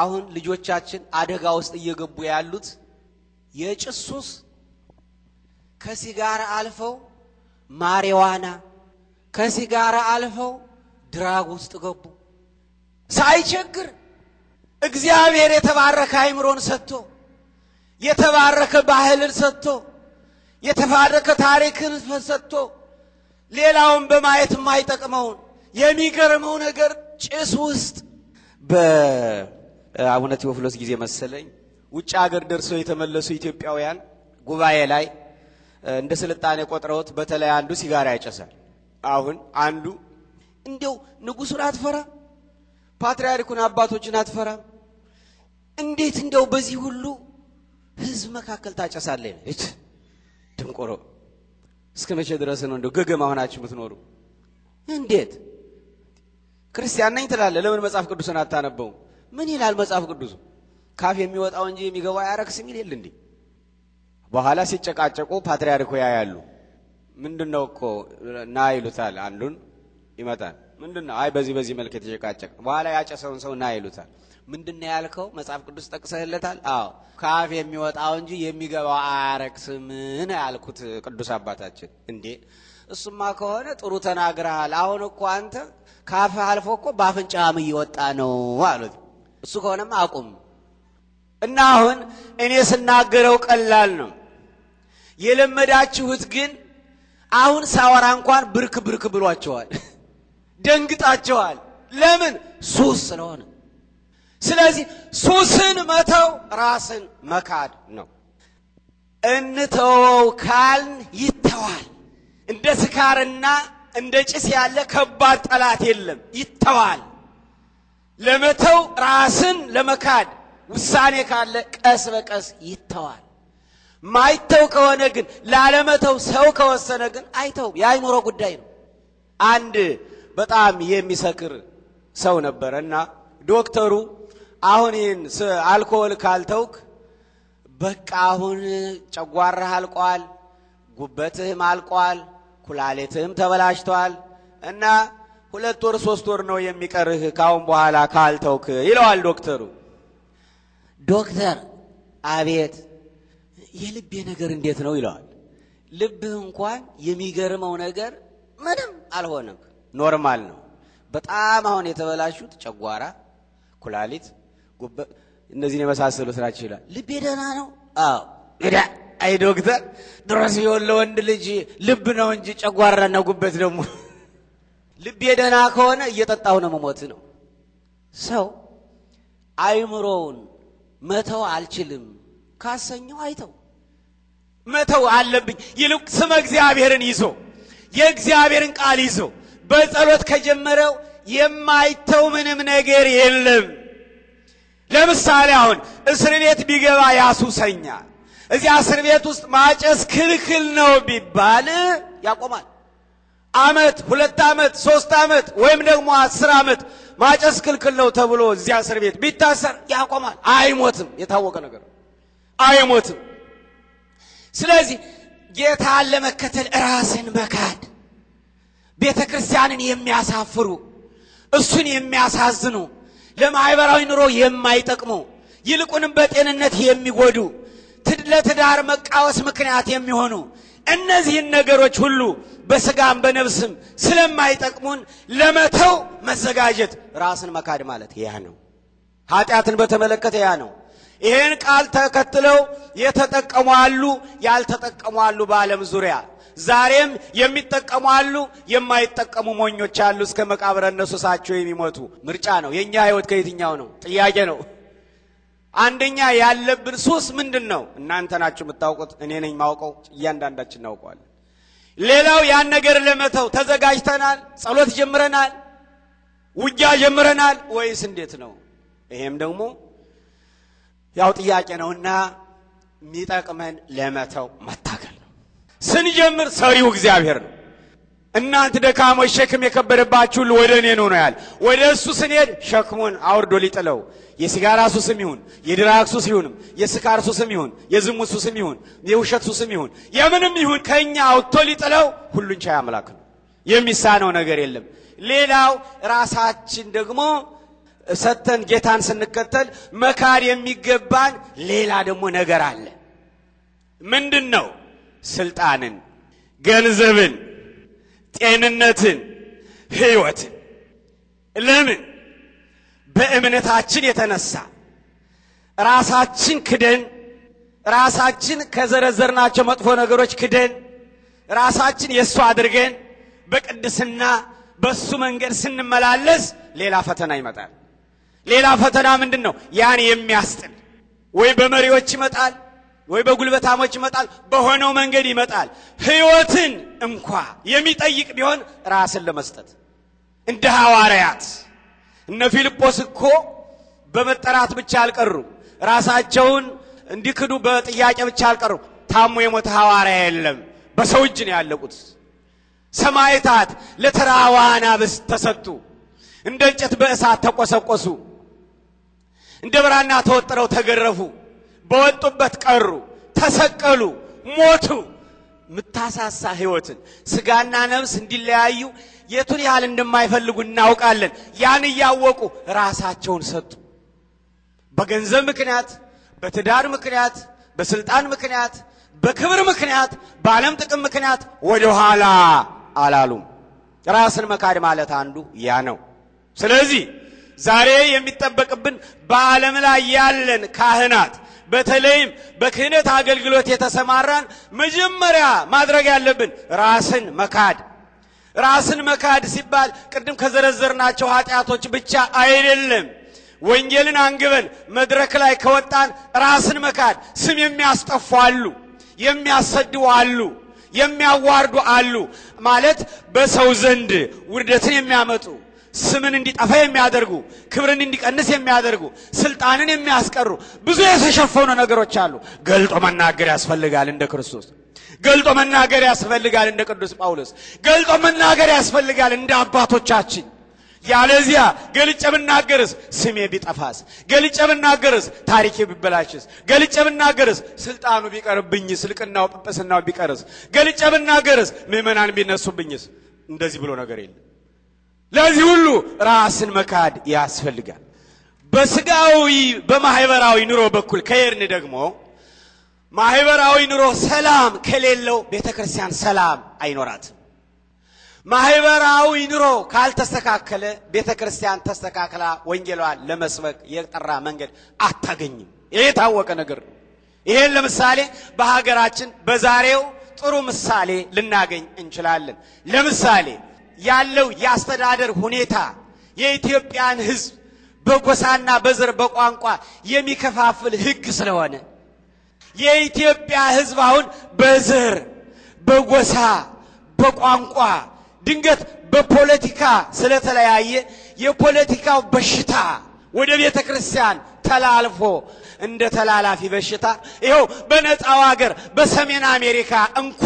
አሁን ልጆቻችን አደጋ ውስጥ እየገቡ ያሉት የጭስ ሱስ ከሲጋራ አልፈው ማሪዋና ከሲጋራ አልፈው ድራግ ውስጥ ገቡ። ሳይቸግር እግዚአብሔር የተባረከ አይምሮን ሰጥቶ የተባረከ ባህልን ሰጥቶ የተባረከ ታሪክን ሰጥቶ ሌላውን በማየት የማይጠቅመውን የሚገርመው ነገር ጭስ ውስጥ በአቡነ ቴዎፍሎስ ጊዜ መሰለኝ ውጭ ሀገር ደርሰው የተመለሱ ኢትዮጵያውያን ጉባኤ ላይ እንደ ስልጣኔ ቆጥረውት በተለይ አንዱ ሲጋራ ያጨሳል። አሁን አንዱ እንዲው ንጉሱን አትፈራ፣ ፓትርያርኩን አባቶችን አትፈራ፣ እንዴት እንደው በዚህ ሁሉ ህዝብ መካከል ታጨሳለ? እች ድንቆሮ እስከ መቼ ድረስ ነው እንደው ገገማ ሆናችሁ የምትኖሩ? እንዴት ክርስቲያን ነኝ ትላለ። ለምን መጽሐፍ ቅዱስን አታነበው? ምን ይላል መጽሐፍ ቅዱስ? ካፍ የሚወጣው እንጂ የሚገባው ያረክስ የሚል የለ እንዴ? በኋላ ሲጨቃጨቁ ፓትርያርኩ ያያሉ። ምንድን ነው እኮ ና ይሉታል። አንዱን ይመጣል። ምንድን ነው አይ በዚህ በዚህ መልክ የተጨቃጨቅ በኋላ ያጨሰውን ሰው ና ይሉታል። ምንድን ነው ያልከው? መጽሐፍ ቅዱስ ጠቅሰህለታል? አዎ ካፍ የሚወጣው እንጂ የሚገባው አያረክስም ነው ያልኩት ቅዱስ አባታችን። እንዴ እሱማ ከሆነ ጥሩ ተናግረሃል። አሁን እኮ አንተ ካፍህ አልፎ እኮ በአፍንጫም እየወጣ ነው አሉት። እሱ ከሆነማ አቁም እና አሁን እኔ ስናገረው ቀላል ነው። የለመዳችሁት ግን አሁን ሳወራ እንኳን ብርክ ብርክ ብሏቸዋል፣ ደንግጣቸዋል። ለምን? ሱስ ስለሆነ። ስለዚህ ሱስን መተው ራስን መካድ ነው። እንተወው ካልን ይተዋል። እንደ ስካርና እንደ ጭስ ያለ ከባድ ጠላት የለም። ይተዋል። ለመተው ራስን ለመካድ ውሳኔ ካለ ቀስ በቀስ ይተዋል። ማይተው ከሆነ ግን ላለመተው ሰው ከወሰነ ግን አይተውም። የአይምሮ ጉዳይ ነው። አንድ በጣም የሚሰክር ሰው ነበረ እና ዶክተሩ አሁን ይህን አልኮል ካልተውክ በቃ አሁን ጨጓራህ አልቋል፣ ጉበትህም አልቋል ኩላሊትህም ተበላሽተዋል እና ሁለት ወር ሶስት ወር ነው የሚቀርህ ካሁን በኋላ ካልተውክ ይለዋል ዶክተሩ። ዶክተር አቤት የልቤ ነገር እንዴት ነው ይለዋል። ልብህ እንኳን የሚገርመው ነገር ምንም አልሆነም፣ ኖርማል ነው። በጣም አሁን የተበላሹት ጨጓራ፣ ኩላሊት፣ ጉበት እነዚህን የመሳሰሉት ናቸው ይላል። ልቤ ደህና ነው። አዎ አይ ዶክተር ድረስ ቢሆን ለወንድ ልጅ ልብ ነው እንጂ ጨጓራና ጉበት ደግሞ ልብ የደህና ከሆነ እየጠጣሁ ነው መሞት ነው። ሰው አይምሮውን መተው አልችልም ካሰኘው አይተው መተው አለብኝ። ይልቅ ስመ እግዚአብሔርን ይዞ የእግዚአብሔርን ቃል ይዞ በጸሎት ከጀመረው የማይተው ምንም ነገር የለም። ለምሳሌ አሁን እስር ቤት ቢገባ ያሱሰኛል። እዚያ እስር ቤት ውስጥ ማጨስ ክልክል ነው ቢባል ያቆማል። አመት፣ ሁለት አመት፣ ሶስት አመት ወይም ደግሞ አስር አመት ማጨስ ክልክል ነው ተብሎ እዚያ እስር ቤት ቢታሰር ያቆማል። አይሞትም። የታወቀ ነገር አይሞትም። ስለዚህ ጌታን ለመከተል ራስን መካድ ቤተ ክርስቲያንን የሚያሳፍሩ እሱን የሚያሳዝኑ ለማህበራዊ ኑሮ የማይጠቅሙ ይልቁንም በጤንነት የሚጎዱ ለትዳር መቃወስ ምክንያት የሚሆኑ እነዚህን ነገሮች ሁሉ በስጋም በነፍስም ስለማይጠቅሙን ለመተው መዘጋጀት ራስን መካድ ማለት ያ ነው። ኃጢአትን በተመለከተ ያ ነው። ይህን ቃል ተከትለው የተጠቀሙ አሉ፣ ያልተጠቀሙ አሉ። በዓለም ዙሪያ ዛሬም የሚጠቀሙ አሉ፣ የማይጠቀሙ ሞኞች አሉ። እስከ መቃብረ ሳቸው የሚሞቱ ምርጫ ነው። የእኛ ህይወት ከየትኛው ነው? ጥያቄ ነው። አንደኛ ያለብን ሱስ ምንድን ነው? እናንተ ናችሁ የምታውቁት፣ እኔ ነኝ ማውቀው። እያንዳንዳችን እናውቀዋለን። ሌላው ያን ነገር ለመተው ተዘጋጅተናል፣ ጸሎት ጀምረናል፣ ውጊያ ጀምረናል ወይስ እንዴት ነው? ይሄም ደግሞ ያው ጥያቄ ነውና የሚጠቅመን ለመተው መታገል ነው። ስንጀምር ሰሪው እግዚአብሔር ነው። እናንተ ደካሞች ሸክም የከበደባችሁ ወደ እኔ ነው ነው ያል ወደ እሱ ስንሄድ ሸክሙን አውርዶ ሊጥለው የሲጋራ ሱስም ይሁን የድራግ ሱስ ይሁንም የስካር ሱስም ይሁን የዝሙት ሱስም ይሁን የውሸት ሱስም ይሁን የምንም ይሁን ከኛ አውጥቶ ሊጥለው ሁሉን ቻይ አምላክ ነው። የሚሳነው ነገር የለም። ሌላው ራሳችን ደግሞ ሰተን ጌታን ስንከተል መካድ የሚገባን ሌላ ደግሞ ነገር አለ። ምንድን ነው? ስልጣንን፣ ገንዘብን ጤንነትን፣ ህይወትን። ለምን? በእምነታችን የተነሳ ራሳችን ክደን ራሳችን ከዘረዘርናቸው መጥፎ ነገሮች ክደን ራሳችን የእሱ አድርገን በቅድስና በእሱ መንገድ ስንመላለስ ሌላ ፈተና ይመጣል። ሌላ ፈተና ምንድን ነው? ያን የሚያስጥል ወይ በመሪዎች ይመጣል ወይ በጉልበታሞች ይመጣል፣ በሆነው መንገድ ይመጣል። ሕይወትን እንኳ የሚጠይቅ ቢሆን ራስን ለመስጠት እንደ ሐዋርያት እነ ፊልጶስ እኮ በመጠራት ብቻ አልቀሩ ራሳቸውን እንዲክዱ በጥያቄ ብቻ አልቀሩ ታሞ የሞተ ሐዋርያ የለም። በሰው እጅ ነው ያለቁት። ሰማዕታት ለተራዋ አናብስት ተሰጡ። እንደ እንጨት በእሳት ተቆሰቆሱ። እንደ ብራና ተወጥረው ተገረፉ። በወጡበት ቀሩ፣ ተሰቀሉ፣ ሞቱ። ምታሳሳ ህይወትን ስጋና ነፍስ እንዲለያዩ የቱን ያህል እንደማይፈልጉ እናውቃለን። ያን እያወቁ ራሳቸውን ሰጡ። በገንዘብ ምክንያት፣ በትዳር ምክንያት፣ በስልጣን ምክንያት፣ በክብር ምክንያት፣ በዓለም ጥቅም ምክንያት ወደ ኋላ አላሉም። ራስን መካድ ማለት አንዱ ያ ነው። ስለዚህ ዛሬ የሚጠበቅብን በዓለም ላይ ያለን ካህናት በተለይም በክህነት አገልግሎት የተሰማራን መጀመሪያ ማድረግ ያለብን ራስን መካድ። ራስን መካድ ሲባል ቅድም ከዘረዘርናቸው ኃጢአቶች ብቻ አይደለም። ወንጌልን አንግበን መድረክ ላይ ከወጣን ራስን መካድ ስም የሚያስጠፉ አሉ፣ የሚያሰድቡ አሉ፣ የሚያዋርዱ አሉ። ማለት በሰው ዘንድ ውርደትን የሚያመጡ ስምን እንዲጠፋ የሚያደርጉ ክብርን እንዲቀንስ የሚያደርጉ ስልጣንን የሚያስቀሩ ብዙ የተሸፈኑ ነገሮች አሉ። ገልጦ መናገር ያስፈልጋል እንደ ክርስቶስ ገልጦ መናገር ያስፈልጋል እንደ ቅዱስ ጳውሎስ ገልጦ መናገር ያስፈልጋል እንደ አባቶቻችን። ያለዚያ ገልጬ ብናገርስ ስሜ ቢጠፋስ? ገልጬ ብናገርስ ታሪኬ ቢበላሽስ? ገልጬ ብናገርስ ስልጣኑ ቢቀርብኝ ልቅናው ጵጵስናው ቢቀርስ? ገልጬ ብናገርስ ምእመናን ቢነሱብኝስ? እንደዚህ ብሎ ነገር የለም። ለዚህ ሁሉ ራስን መካድ ያስፈልጋል። በስጋዊ በማህበራዊ ኑሮ በኩል ከየርን ደግሞ ማህበራዊ ኑሮ ሰላም ከሌለው ቤተ ክርስቲያን ሰላም አይኖራትም። ማህበራዊ ኑሮ ካልተስተካከለ ቤተ ክርስቲያን ተስተካክላ ወንጌሏን ለመስበክ የጠራ መንገድ አታገኝም። ይሄ የታወቀ ነገር ነው። ይሄን ለምሳሌ በሀገራችን በዛሬው ጥሩ ምሳሌ ልናገኝ እንችላለን። ለምሳሌ ያለው የአስተዳደር ሁኔታ የኢትዮጵያን ሕዝብ በጎሳና በዘር በቋንቋ የሚከፋፍል ሕግ ስለሆነ የኢትዮጵያ ሕዝብ አሁን በዘር በጎሳ በቋንቋ ድንገት በፖለቲካ ስለተለያየ የፖለቲካው በሽታ ወደ ቤተ ክርስቲያን ተላልፎ እንደ ተላላፊ በሽታ ይኸው በነፃው ሀገር በሰሜን አሜሪካ እንኳ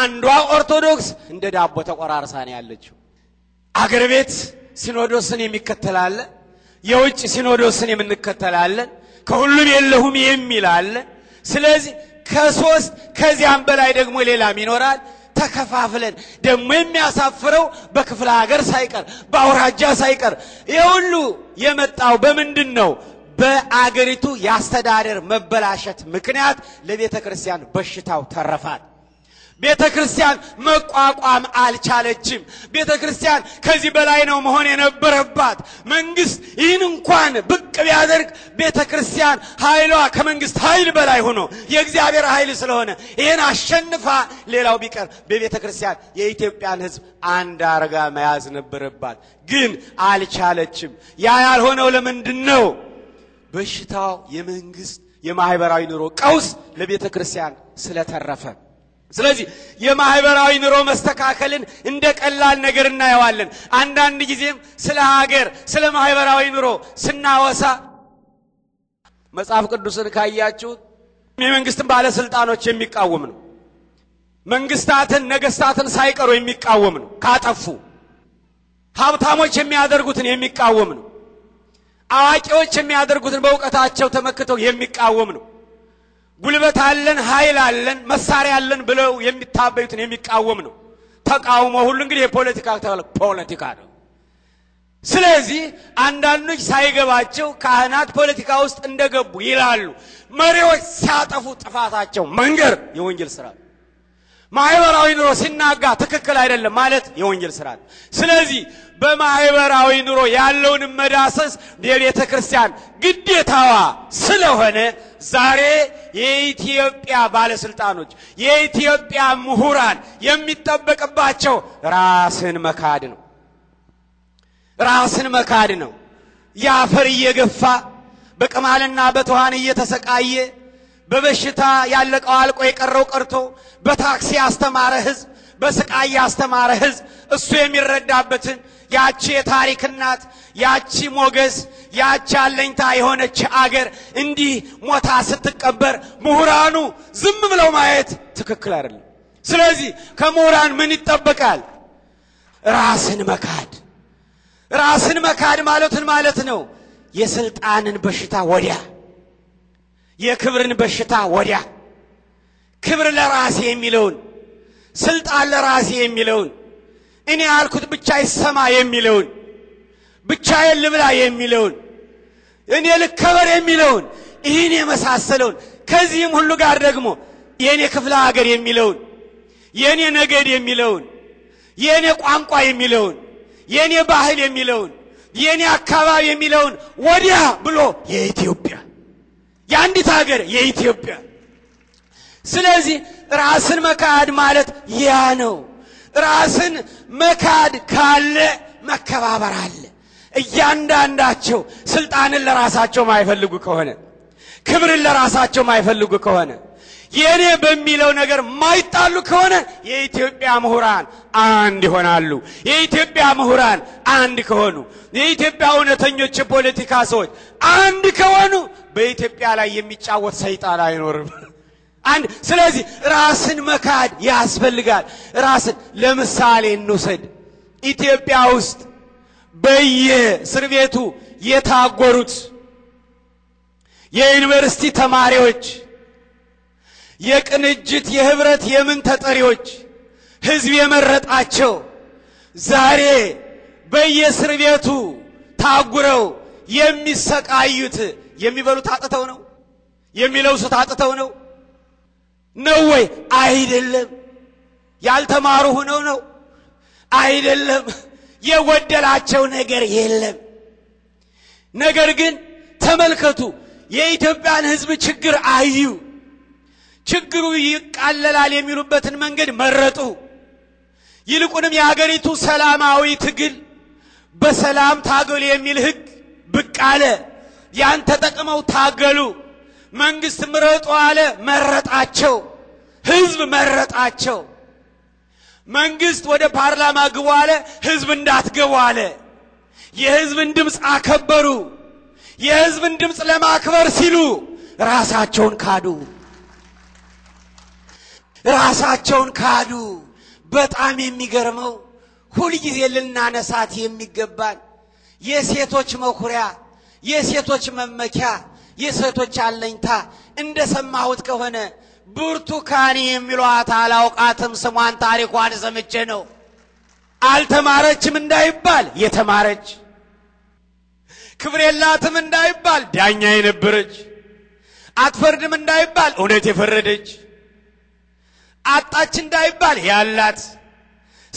አንዷ ኦርቶዶክስ እንደ ዳቦ ተቆራርሳ ነው ያለችው። አገር ቤት ሲኖዶስን የሚከተላለን፣ የውጭ ሲኖዶስን የምንከተላለን፣ ከሁሉም የለሁም የሚላለን። ስለዚህ ከሶስት ከዚያም በላይ ደግሞ ሌላም ይኖራል። ተከፋፍለን ደግሞ የሚያሳፍረው በክፍለ ሀገር ሳይቀር በአውራጃ ሳይቀር የሁሉ የመጣው በምንድን ነው? በአገሪቱ የአስተዳደር መበላሸት ምክንያት ለቤተ ክርስቲያን በሽታው ተረፋት። ቤተ ክርስቲያን መቋቋም አልቻለችም። ቤተ ክርስቲያን ከዚህ በላይ ነው መሆን የነበረባት። መንግስት ይህን እንኳን ብቅ ቢያደርግ ቤተ ክርስቲያን ኃይሏ ከመንግስት ኃይል በላይ ሆኖ የእግዚአብሔር ኃይል ስለሆነ ይህን አሸንፋ፣ ሌላው ቢቀር በቤተ ክርስቲያን የኢትዮጵያን ሕዝብ አንድ አርጋ መያዝ ነበረባት። ግን አልቻለችም። ያ ያልሆነው ለምንድን ነው? በሽታው የመንግስት የማህበራዊ ኑሮ ቀውስ ለቤተ ክርስቲያን ስለተረፈ፣ ስለዚህ የማህበራዊ ኑሮ መስተካከልን እንደ ቀላል ነገር እናየዋለን። አንዳንድ ጊዜም ስለ ሀገር፣ ስለ ማህበራዊ ኑሮ ስናወሳ መጽሐፍ ቅዱስን ካያችሁት የመንግስትን ባለስልጣኖች የሚቃወም ነው። መንግስታትን ነገስታትን ሳይቀሩ የሚቃወም ነው። ካጠፉ ሀብታሞች የሚያደርጉትን የሚቃወም ነው። አዋቂዎች የሚያደርጉትን በእውቀታቸው ተመክተው የሚቃወም ነው። ጉልበት አለን፣ ኃይል አለን፣ መሳሪያ አለን ብለው የሚታበዩትን የሚቃወም ነው። ተቃውሞ ሁሉ እንግዲህ የፖለቲካ ፖለቲካ ነው። ስለዚህ አንዳንዶች ሳይገባቸው ካህናት ፖለቲካ ውስጥ እንደገቡ ይላሉ። መሪዎች ሲያጠፉ ጥፋታቸው መንገር የወንጀል ስራ ነው። ማህበራዊ ኑሮ ሲናጋ ትክክል አይደለም ማለት የወንጀል ስራ ነው። ስለዚህ በማህበራዊ ኑሮ ያለውን መዳሰስ የቤተ ክርስቲያን ግዴታዋ ስለሆነ ዛሬ የኢትዮጵያ ባለስልጣኖች፣ የኢትዮጵያ ምሁራን የሚጠበቅባቸው ራስን መካድ ነው። ራስን መካድ ነው። የአፈር እየገፋ በቅማልና በትኋን እየተሰቃየ በበሽታ ያለቀው አልቆ የቀረው ቀርቶ በታክሲ ያስተማረ ህዝብ በስቃይ ያስተማረ ህዝብ እሱ የሚረዳበትን ያቺ የታሪክ እናት ያቺ ሞገስ ያቺ አለኝታ የሆነች አገር እንዲህ ሞታ ስትቀበር ምሁራኑ ዝም ብለው ማየት ትክክል አይደለም። ስለዚህ ከምሁራን ምን ይጠበቃል? ራስን መካድ። ራስን መካድ ማለትን ማለት ነው የስልጣንን በሽታ ወዲያ፣ የክብርን በሽታ ወዲያ፣ ክብር ለራስ የሚለውን ስልጣን ለራሴ የሚለውን እኔ ያልኩት ብቻ ይሰማ የሚለውን ብቻ ልብላ የሚለውን እኔ ልከበር የሚለውን ይህን የመሳሰለውን ከዚህም ሁሉ ጋር ደግሞ የእኔ ክፍለ ሀገር የሚለውን የእኔ ነገድ የሚለውን የእኔ ቋንቋ የሚለውን የእኔ ባህል የሚለውን የእኔ አካባቢ የሚለውን ወዲያ ብሎ የኢትዮጵያ የአንዲት ሀገር የኢትዮጵያ ስለዚህ ራስን መካድ ማለት ያ ነው። ራስን መካድ ካለ መከባበር አለ። እያንዳንዳቸው ስልጣንን ለራሳቸው ማይፈልጉ ከሆነ ክብርን ለራሳቸው ማይፈልጉ ከሆነ የእኔ በሚለው ነገር ማይጣሉ ከሆነ የኢትዮጵያ ምሁራን አንድ ይሆናሉ። የኢትዮጵያ ምሁራን አንድ ከሆኑ፣ የኢትዮጵያ እውነተኞች የፖለቲካ ሰዎች አንድ ከሆኑ በኢትዮጵያ ላይ የሚጫወት ሰይጣን አይኖርም። አንድ ስለዚህ ራስን መካድ ያስፈልጋል። ራስን ለምሳሌ እንውሰድ። ኢትዮጵያ ውስጥ እስር ቤቱ የታጎሩት የዩኒቨርሲቲ ተማሪዎች፣ የቅንጅት የህብረት የምን ተጠሪዎች፣ ህዝብ የመረጣቸው ዛሬ በየእስር ቤቱ ታጉረው የሚሰቃዩት የሚበሉት አጥተው ነው፣ የሚለብሱት አጥተው ነው ነው ወይ? አይደለም። ያልተማሩ ሆነው ነው? አይደለም። የጎደላቸው ነገር የለም። ነገር ግን ተመልከቱ፣ የኢትዮጵያን ሕዝብ ችግር አዩ። ችግሩ ይቃለላል የሚሉበትን መንገድ መረጡ። ይልቁንም የአገሪቱ ሰላማዊ ትግል በሰላም ታገሉ የሚል ሕግ ብቅ አለ። ያን ተጠቅመው ታገሉ። መንግስት ምረጡ አለ፣ መረጣቸው። ህዝብ መረጣቸው። መንግስት ወደ ፓርላማ ግቡ አለ፣ ህዝብ እንዳትገቡ አለ። የህዝብን ድምፅ አከበሩ። የህዝብን ድምፅ ለማክበር ሲሉ ራሳቸውን ካዱ። ራሳቸውን ካዱ። በጣም የሚገርመው ሁልጊዜ ልናነሳት የሚገባን የሴቶች መኩሪያ፣ የሴቶች መመኪያ የሴቶች አለኝታ እንደሰማሁት ከሆነ ብርቱካን የሚሏት አላውቃትም፣ ስሟን ታሪኳን ሰምቼ ነው። አልተማረችም እንዳይባል የተማረች፣ ክብር የላትም እንዳይባል ዳኛ የነበረች፣ አትፈርድም እንዳይባል እውነት የፈረደች፣ አጣች እንዳይባል ያላት፣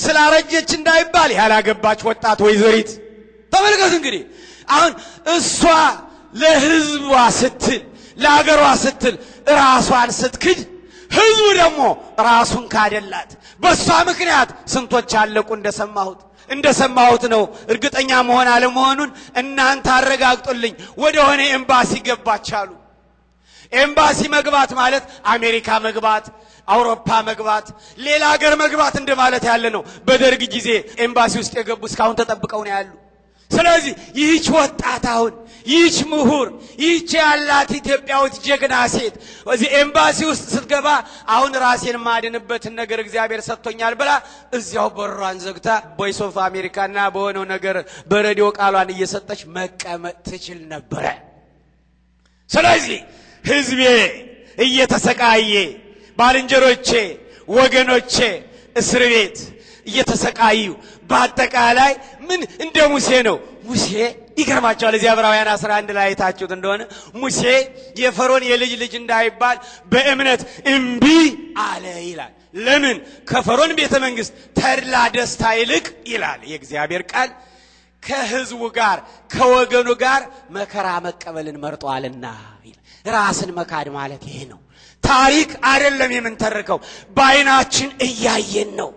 ስላረጀች እንዳይባል ያላገባች ወጣት ወይዘሪት። ተመልከት እንግዲህ አሁን እሷ ለህዝቧ ስትል ለአገሯ ስትል ራሷን ስትክድ ህዝቡ ደግሞ ራሱን ካደላት። በእሷ ምክንያት ስንቶች አለቁ። እንደሰማሁት እንደሰማሁት ነው። እርግጠኛ መሆን አለመሆኑን እናንተ አረጋግጡልኝ። ወደ ሆነ ኤምባሲ ገባች አሉ። ኤምባሲ መግባት ማለት አሜሪካ መግባት፣ አውሮፓ መግባት፣ ሌላ ሀገር መግባት እንደማለት ያለ ነው። በደርግ ጊዜ ኤምባሲ ውስጥ የገቡ እስካሁን ተጠብቀው ነው ያሉ። ስለዚህ ይህች ወጣት አሁን ይህች ምሁር ይህች ያላት ኢትዮጵያዊት ጀግና ሴት እዚህ ኤምባሲ ውስጥ ስትገባ አሁን ራሴን ማድንበትን ነገር እግዚአብሔር ሰጥቶኛል ብላ እዚያው በሯን ዘግታ ቮይስ ኦፍ አሜሪካና በሆነው ነገር በሬዲዮ ቃሏን እየሰጠች መቀመጥ ትችል ነበረ። ስለዚህ ህዝቤ እየተሰቃየ ባልንጀሮቼ፣ ወገኖቼ እስር ቤት እየተሰቃዩ በአጠቃላይ ምን እንደ ሙሴ ነው። ሙሴ ይገርማቸዋል። እዚህ ዕብራውያን 11 ላይ አይታችሁት እንደሆነ ሙሴ የፈሮን የልጅ ልጅ እንዳይባል በእምነት እምቢ አለ ይላል። ለምን? ከፈሮን ቤተ መንግስት ተድላ ደስታ ይልቅ ይላል የእግዚአብሔር ቃል ከህዝቡ ጋር ከወገኑ ጋር መከራ መቀበልን መርጧልና። ራስን መካድ ማለት ይሄ ነው። ታሪክ አይደለም የምንተርከው፣ በአይናችን እያየን ነው።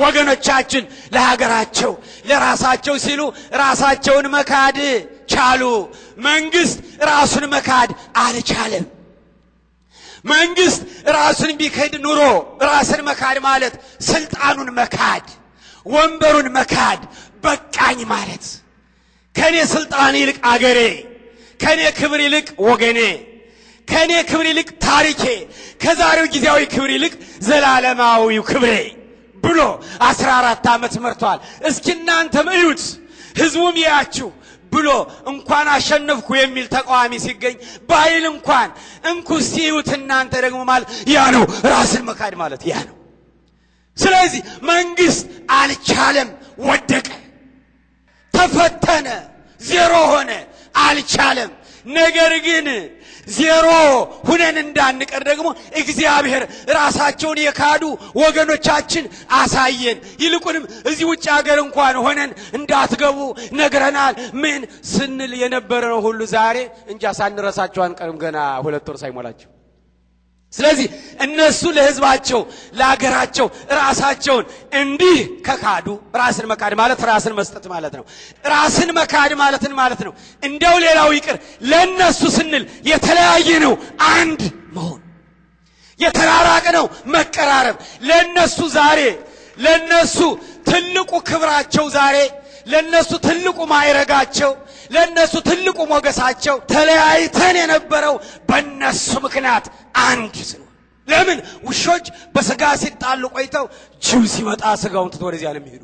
ወገኖቻችን ለሀገራቸው ለራሳቸው ሲሉ ራሳቸውን መካድ ቻሉ። መንግስት ራሱን መካድ አልቻለም። መንግስት ራሱን ቢክድ ኑሮ ራስን መካድ ማለት ስልጣኑን መካድ፣ ወንበሩን መካድ፣ በቃኝ ማለት ከኔ ስልጣን ይልቅ አገሬ፣ ከኔ ክብር ይልቅ ወገኔ፣ ከኔ ክብር ይልቅ ታሪኬ፣ ከዛሬው ጊዜያዊ ክብር ይልቅ ዘላለማዊው ክብሬ ብሎ አስራ አራት ዓመት መርተዋል። እስኪ እናንተም እዩት፣ ህዝቡም ያያችሁ ብሎ እንኳን አሸነፍኩ የሚል ተቃዋሚ ሲገኝ በኃይል እንኳን እንኩ ሲዩት እናንተ ደግሞ ማለት ያ ነው፣ ራስን መካድ ማለት ያ ነው። ስለዚህ መንግስት አልቻለም፣ ወደቀ፣ ተፈተነ፣ ዜሮ ሆነ፣ አልቻለም። ነገር ግን ዜሮ ሁነን እንዳንቀር ደግሞ እግዚአብሔር ራሳቸውን የካዱ ወገኖቻችን አሳየን። ይልቁንም እዚህ ውጭ ሀገር እንኳን ሆነን እንዳትገቡ ነግረናል። ምን ስንል የነበረ ሁሉ ዛሬ እንጃ ሳንረሳቸው አንቀርም። ገና ሁለት ወር ሳይሞላቸው ስለዚህ እነሱ ለህዝባቸው ለአገራቸው ራሳቸውን እንዲህ ከካዱ፣ ራስን መካድ ማለት ራስን መስጠት ማለት ነው። ራስን መካድ ማለትን ማለት ነው። እንደው ሌላው ይቅር፣ ለእነሱ ስንል የተለያየ ነው አንድ መሆን የተራራቅ ነው መቀራረብ። ለእነሱ ዛሬ ለእነሱ ትልቁ ክብራቸው ዛሬ ለነሱ ትልቁ ማይረጋቸው፣ ለነሱ ትልቁ ሞገሳቸው ተለያይተን የነበረው በነሱ ምክንያት አንድ ስለ ለምን ውሾች በስጋ ሲጣሉ ቆይተው ጅብ ሲመጣ ስጋውን ትቶ ዓለም ይሄዱ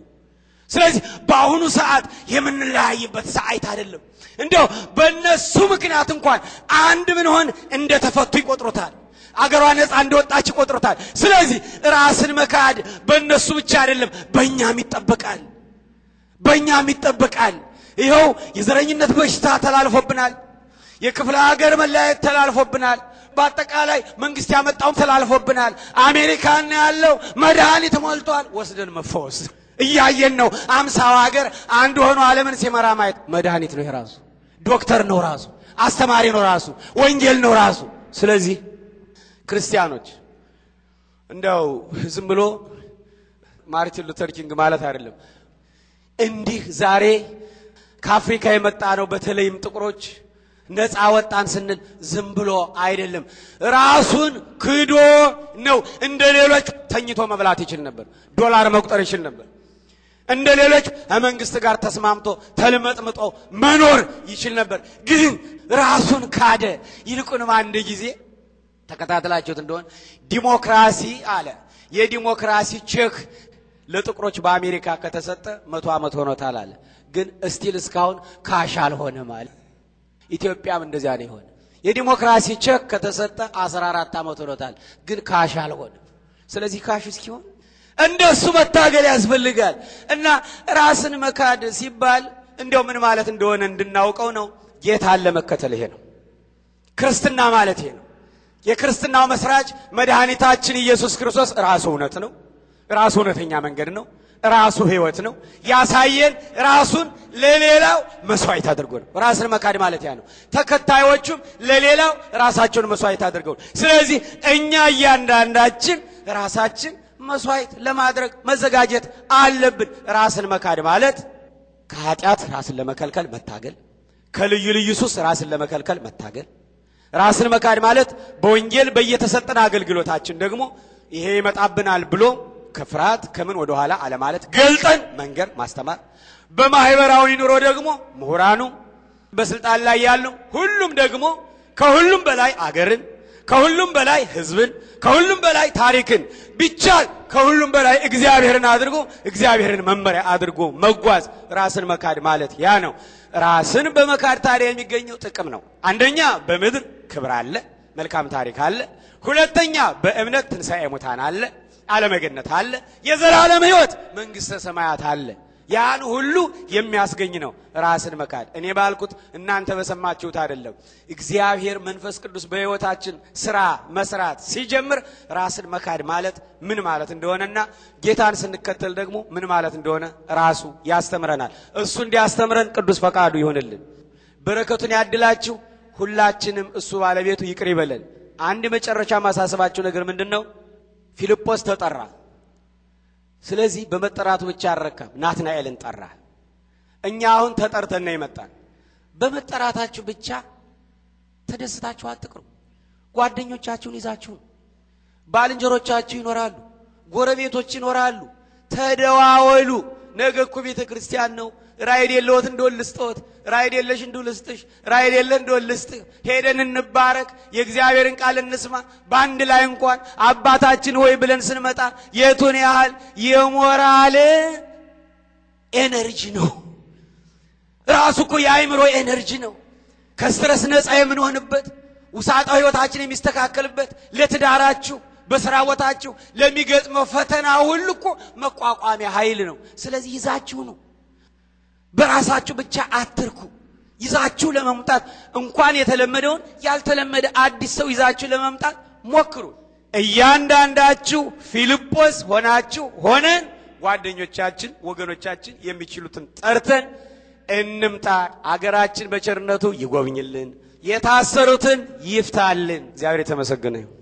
ስለዚህ በአሁኑ ሰዓት የምንለያይበት ሰዓይት አይደለም። እንደው በእነሱ ምክንያት እንኳን አንድ እንደ ተፈቱ ይቆጥሮታል አገሯ ነፃ እንደወጣች ይቆጥሮታል ስለዚህ ራስን መካድ በእነሱ ብቻ አይደለም፣ በእኛም ይጠበቃል። በእኛም ይጠበቃል። ይኸው የዘረኝነት በሽታ ተላልፎብናል። የክፍለ ሀገር መለያየት ተላልፎብናል። በአጠቃላይ መንግስት ያመጣውም ተላልፎብናል። አሜሪካን ያለው መድኃኒት ሞልቷል። ወስደን መፈወስ እያየን ነው። አምሳው ሀገር አንድ ሆኖ ዓለምን ሲመራ ማየት መድኃኒት ነው። የራሱ ዶክተር ነው፣ ራሱ አስተማሪ ነው፣ ራሱ ወንጌል ነው ራሱ። ስለዚህ ክርስቲያኖች እንደው ዝም ብሎ ማርቲን ሉተር ኪንግ ማለት አይደለም እንዲህ ዛሬ ከአፍሪካ የመጣ ነው። በተለይም ጥቁሮች ነፃ ወጣን ስንል ዝም ብሎ አይደለም፣ ራሱን ክዶ ነው። እንደ ሌሎች ተኝቶ መብላት ይችል ነበር፣ ዶላር መቁጠር ይችል ነበር። እንደ ሌሎች ከመንግስት ጋር ተስማምቶ ተልመጥምጦ መኖር ይችል ነበር። ግን ራሱን ካደ። ይልቁንም አንድ ጊዜ ተከታትላችሁት እንደሆን ዲሞክራሲ አለ የዲሞክራሲ ቼክ ለጥቁሮች በአሜሪካ ከተሰጠ መቶ ዓመት ሆኖታል አለ። ግን እስቲል እስካሁን ካሽ አልሆነም አለ። ኢትዮጵያም እንደዚያ ነው የሆነ። የዲሞክራሲ ቼክ ከተሰጠ 14 ዓመት ሆኖታል። ግን ካሽ አልሆነም። ስለዚህ ካሽ እስኪሆን እንደሱ መታገል ያስፈልጋል። እና ራስን መካድ ሲባል እንደው ምን ማለት እንደሆነ እንድናውቀው ነው። ጌታን ለመከተል ይሄ ነው ክርስትና ማለት ይሄ ነው። የክርስትናው መስራች መድኃኒታችን ኢየሱስ ክርስቶስ ራሱ እውነት ነው። ራሱ እውነተኛ መንገድ ነው። ራሱ ህይወት ነው። ያሳየን ራሱን ለሌላው መስዋዕት አድርጎ ነው። ራስን መካድ ማለት ያ ነው። ተከታዮቹም ለሌላው ራሳቸውን መስዋዕት አድርገው፣ ስለዚህ እኛ እያንዳንዳችን ራሳችን መስዋዕት ለማድረግ መዘጋጀት አለብን። ራስን መካድ ማለት ከኃጢአት ራስን ለመከልከል መታገል፣ ከልዩ ልዩ ሱስ ራስን ለመከልከል መታገል። ራስን መካድ ማለት በወንጌል በየተሰጠን አገልግሎታችን ደግሞ ይሄ ይመጣብናል ብሎ ከፍርሃት ከምን ወደኋላ አለማለት ገልጠን መንገር ማስተማር። በማህበራዊ ኑሮ ደግሞ ምሁራኑ፣ በስልጣን ላይ ያሉ ሁሉም ደግሞ ከሁሉም በላይ አገርን፣ ከሁሉም በላይ ህዝብን፣ ከሁሉም በላይ ታሪክን ብቻ ከሁሉም በላይ እግዚአብሔርን አድርጎ እግዚአብሔርን መመሪያ አድርጎ መጓዝ ራስን መካድ ማለት ያ ነው። ራስን በመካድ ታዲያ የሚገኘው ጥቅም ነው። አንደኛ በምድር ክብር አለ፣ መልካም ታሪክ አለ። ሁለተኛ በእምነት ትንሣኤ ሙታን አለ። ገነት አለ፣ የዘላለም ሕይወት መንግሥተ ሰማያት አለ። ያን ሁሉ የሚያስገኝ ነው ራስን መካድ። እኔ ባልኩት እናንተ በሰማችሁት አይደለም። እግዚአብሔር መንፈስ ቅዱስ በሕይወታችን ስራ መስራት ሲጀምር ራስን መካድ ማለት ምን ማለት እንደሆነና ጌታን ስንከተል ደግሞ ምን ማለት እንደሆነ ራሱ ያስተምረናል። እሱ እንዲያስተምረን ቅዱስ ፈቃዱ ይሆንልን። በረከቱን ያድላችሁ። ሁላችንም እሱ ባለቤቱ ይቅር ይበለን። አንድ መጨረሻ ማሳሰባችሁ ነገር ምንድን ነው? ፊልጶስ ተጠራ። ስለዚህ በመጠራቱ ብቻ አልረካም፣ ናትናኤልን ጠራ። እኛ አሁን ተጠርተና ይመጣል። በመጠራታችሁ ብቻ ተደስታችሁ አትቅሩ። ጓደኞቻችሁን ይዛችሁ ባልንጀሮቻችሁ ይኖራሉ፣ ጎረቤቶች ይኖራሉ። ተደዋወሉ። ነገ እኮ ቤተ ክርስቲያን ነው ራይድ የለዎት እንደወልስጦት ራእይ የለሽ እንዱ ልስጥሽ፣ ራእይ የለ እንዱ ልስጥህ፣ ሄደን እንባረክ፣ የእግዚአብሔርን ቃል እንስማ። በአንድ ላይ እንኳን አባታችን ሆይ ብለን ስንመጣ የቱን ያህል የሞራል ኤነርጂ ነው። ራሱ እኮ ኤነርጂ ነው። ከስትረስ ነፃ የምንሆንበት ውሳጣ ህይወታችን የሚስተካከልበት ለትዳራችሁ በስራ ቦታችሁ ለሚገጥመው ፈተና ሁሉ እኮ መቋቋሚያ ኃይል ነው። ስለዚህ ይዛችሁ ነው በራሳችሁ ብቻ አትርኩ። ይዛችሁ ለመምጣት እንኳን የተለመደውን ያልተለመደ አዲስ ሰው ይዛችሁ ለመምጣት ሞክሩ። እያንዳንዳችሁ ፊልጶስ ሆናችሁ ሆነን ጓደኞቻችን፣ ወገኖቻችን የሚችሉትን ጠርተን እንምጣ። አገራችን በቸርነቱ ይጎብኝልን፣ የታሰሩትን ይፍታልን። እግዚአብሔር የተመሰገነ ይሁን።